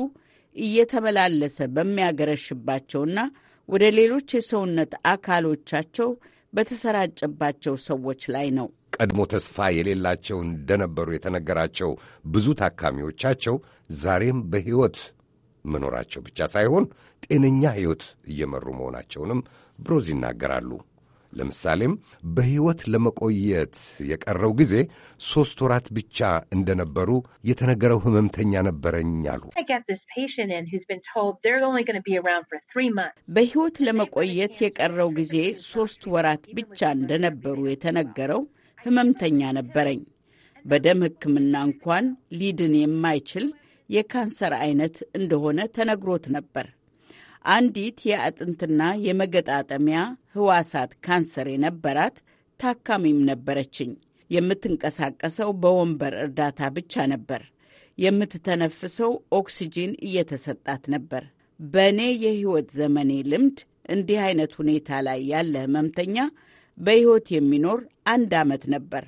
እየተመላለሰ በሚያገረሽባቸውና ወደ ሌሎች የሰውነት አካሎቻቸው በተሰራጨባቸው ሰዎች ላይ ነው። ቀድሞ ተስፋ የሌላቸው እንደነበሩ የተነገራቸው ብዙ ታካሚዎቻቸው ዛሬም በሕይወት መኖራቸው ብቻ ሳይሆን ጤነኛ ሕይወት እየመሩ መሆናቸውንም ብሮዝ ይናገራሉ። ለምሳሌም በሕይወት ለመቆየት የቀረው ጊዜ ሦስት ወራት ብቻ እንደነበሩ የተነገረው ህመምተኛ ነበረኝ አሉ። በሕይወት ለመቆየት የቀረው ጊዜ ሦስት ወራት ብቻ እንደነበሩ የተነገረው ህመምተኛ ነበረኝ። በደም ሕክምና እንኳን ሊድን የማይችል የካንሰር አይነት እንደሆነ ተነግሮት ነበር። አንዲት የአጥንትና የመገጣጠሚያ ህዋሳት ካንሰር የነበራት ታካሚም ነበረችኝ። የምትንቀሳቀሰው በወንበር እርዳታ ብቻ ነበር። የምትተነፍሰው ኦክሲጂን እየተሰጣት ነበር። በእኔ የህይወት ዘመኔ ልምድ እንዲህ አይነት ሁኔታ ላይ ያለ ህመምተኛ በሕይወት የሚኖር አንድ ዓመት ነበር።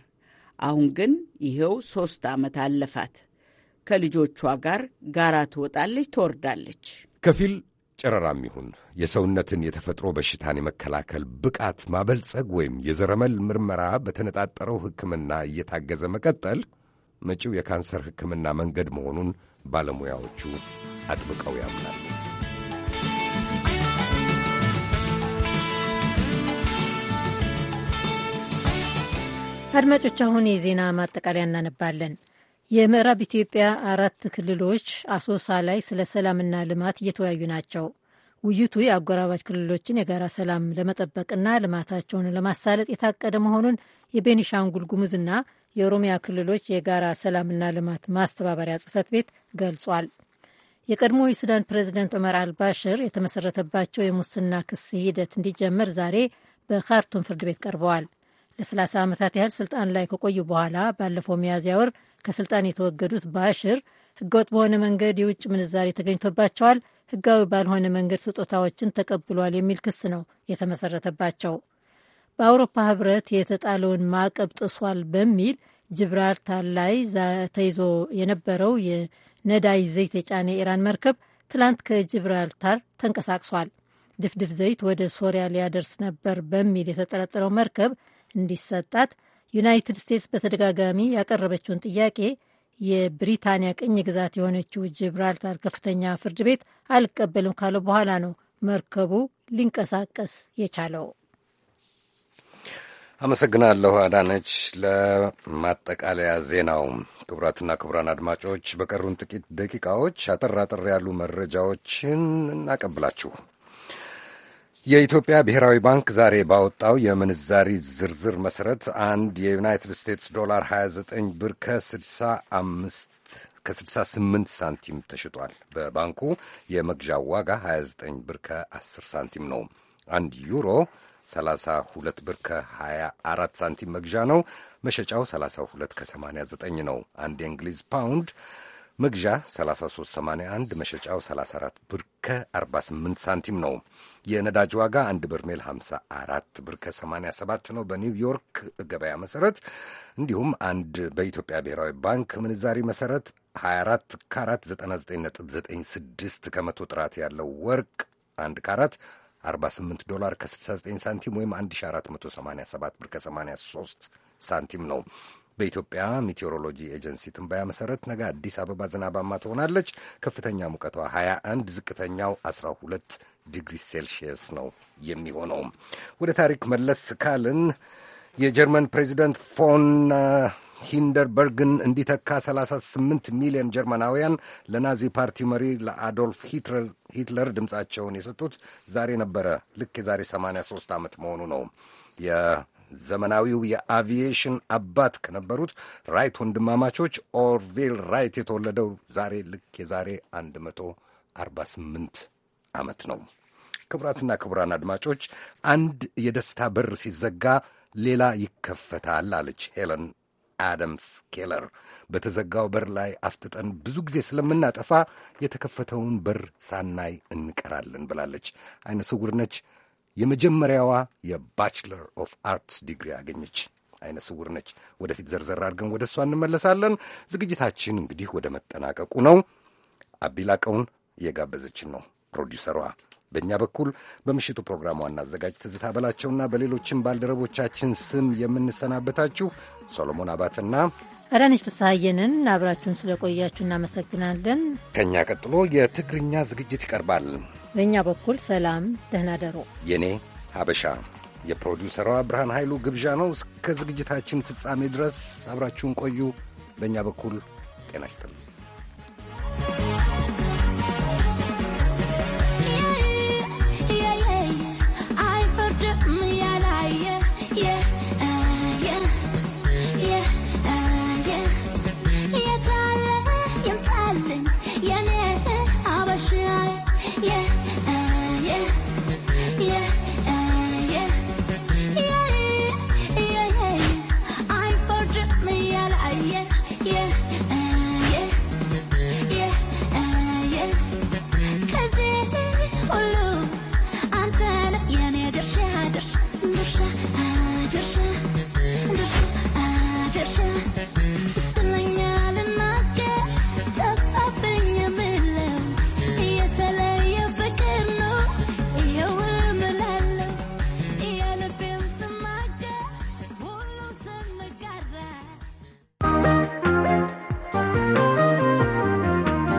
አሁን ግን ይኸው ሦስት ዓመት አለፋት። ከልጆቿ ጋር ጋራ ትወጣለች፣ ትወርዳለች። ከፊል ጨረራም ይሁን የሰውነትን የተፈጥሮ በሽታን የመከላከል ብቃት ማበልጸግ ወይም የዘረመል ምርመራ በተነጣጠረው ሕክምና እየታገዘ መቀጠል መጪው የካንሰር ሕክምና መንገድ መሆኑን ባለሙያዎቹ አጥብቀው ያምናሉ። አድማጮች፣ አሁን የዜና ማጠቃለያ እናነባለን። የምዕራብ ኢትዮጵያ አራት ክልሎች አሶሳ ላይ ስለ ሰላምና ልማት እየተወያዩ ናቸው። ውይይቱ የአጎራባች ክልሎችን የጋራ ሰላም ለመጠበቅና ልማታቸውን ለማሳለጥ የታቀደ መሆኑን የቤኒሻንጉል ጉሙዝና የኦሮሚያ ክልሎች የጋራ ሰላምና ልማት ማስተባበሪያ ጽህፈት ቤት ገልጿል። የቀድሞ የሱዳን ፕሬዚደንት ዑመር አልባሽር የተመሰረተባቸው የሙስና ክስ ሂደት እንዲጀመር ዛሬ በካርቱም ፍርድ ቤት ቀርበዋል። ለ30 ዓመታት ያህል ስልጣን ላይ ከቆዩ በኋላ ባለፈው ሚያዝያ ወር ከስልጣን የተወገዱት ባሽር ህገወጥ በሆነ መንገድ የውጭ ምንዛሬ ተገኝቶባቸዋል፣ ህጋዊ ባልሆነ መንገድ ስጦታዎችን ተቀብሏል የሚል ክስ ነው የተመሰረተባቸው። በአውሮፓ ህብረት የተጣለውን ማዕቀብ ጥሷል በሚል ጅብራልታር ላይ ተይዞ የነበረው የነዳይ ዘይት የጫነ የኢራን መርከብ ትላንት ከጅብራልታር ተንቀሳቅሷል። ድፍድፍ ዘይት ወደ ሶሪያ ሊያደርስ ነበር በሚል የተጠረጠረው መርከብ እንዲሰጣት ዩናይትድ ስቴትስ በተደጋጋሚ ያቀረበችውን ጥያቄ የብሪታንያ ቅኝ ግዛት የሆነችው ጅብራልታር ከፍተኛ ፍርድ ቤት አልቀበልም ካለ በኋላ ነው መርከቡ ሊንቀሳቀስ የቻለው። አመሰግናለሁ አዳነች። ለማጠቃለያ ዜናው ክቡራትና ክቡራን አድማጮች በቀሩን ጥቂት ደቂቃዎች አጠር አጠር ያሉ መረጃዎችን እናቀብላችሁ። የኢትዮጵያ ብሔራዊ ባንክ ዛሬ ባወጣው የምንዛሪ ዝርዝር መሰረት አንድ የዩናይትድ ስቴትስ ዶላር 29 ብር ከ65 ከ68 ሳንቲም ተሽጧል። በባንኩ የመግዣ ዋጋ 29 ብር ከ10 ሳንቲም ነው። አንድ ዩሮ 32 ብር ከ24 ሳንቲም መግዣ ነው። መሸጫው 32 ከ89 ነው። አንድ የእንግሊዝ ፓውንድ መግዣ 3381 መሸጫው 34 ብር ከ48 ሳንቲም ነው። የነዳጅ ዋጋ 1 በርሜል 54 ብር ከ87 ነው በኒውዮርክ ገበያ መሰረት። እንዲሁም አንድ በኢትዮጵያ ብሔራዊ ባንክ ምንዛሪ መሰረት 24 ካራት 99.96 ከመቶ ጥራት ያለው ወርቅ 1 ካራት 48 ዶላር ከ69 ሳንቲም ወይም 1487 ብር ከ83 ሳንቲም ነው። በኢትዮጵያ ሜቴሮሎጂ ኤጀንሲ ትንበያ መሰረት ነገ አዲስ አበባ ዝናባማ ትሆናለች። ከፍተኛ ሙቀቷ 21፣ ዝቅተኛው 12 ዲግሪ ሴልሺየስ ነው የሚሆነው። ወደ ታሪክ መለስ ካልን የጀርመን ፕሬዚደንት ፎን ሂንደርበርግን እንዲተካ 38 ሚሊዮን ጀርመናውያን ለናዚ ፓርቲ መሪ ለአዶልፍ ሂትለር ድምፃቸውን የሰጡት ዛሬ ነበረ። ልክ የዛሬ 83 ዓመት መሆኑ ነው። ዘመናዊው የአቪዬሽን አባት ከነበሩት ራይት ወንድማማቾች ኦርቬል ራይት የተወለደው ዛሬ ልክ የዛሬ 148 ዓመት ነው። ክቡራትና ክቡራን አድማጮች አንድ የደስታ በር ሲዘጋ ሌላ ይከፈታል አለች ሄለን አደምስ ኬለር። በተዘጋው በር ላይ አፍጥጠን ብዙ ጊዜ ስለምናጠፋ የተከፈተውን በር ሳናይ እንቀራለን ብላለች። አይነ ስውር ነች። የመጀመሪያዋ የባችለር ኦፍ አርትስ ዲግሪ ያገኘች አይነ ስውር ነች። ወደፊት ዘርዘር አድርገን ወደ እሷ እንመለሳለን። ዝግጅታችን እንግዲህ ወደ መጠናቀቁ ነው። አቢላቀውን እየጋበዘችን ነው ፕሮዲውሰሯ። በእኛ በኩል በምሽቱ ፕሮግራም ዋና አዘጋጅ ትዝታ በላቸውና በሌሎችም ባልደረቦቻችን ስም የምንሰናበታችሁ ሶሎሞን አባትና አዳነች ፍስሐየንን አብራችሁን ስለቆያችሁ እናመሰግናለን። ከእኛ ቀጥሎ የትግርኛ ዝግጅት ይቀርባል። በእኛ በኩል ሰላም፣ ደህና ደሩ። የእኔ ሀበሻ የፕሮዲውሰሯ ብርሃን ኃይሉ ግብዣ ነው። እስከ ዝግጅታችን ፍጻሜ ድረስ አብራችሁን ቆዩ። በእኛ በኩል ጤና ይስጥልኝ።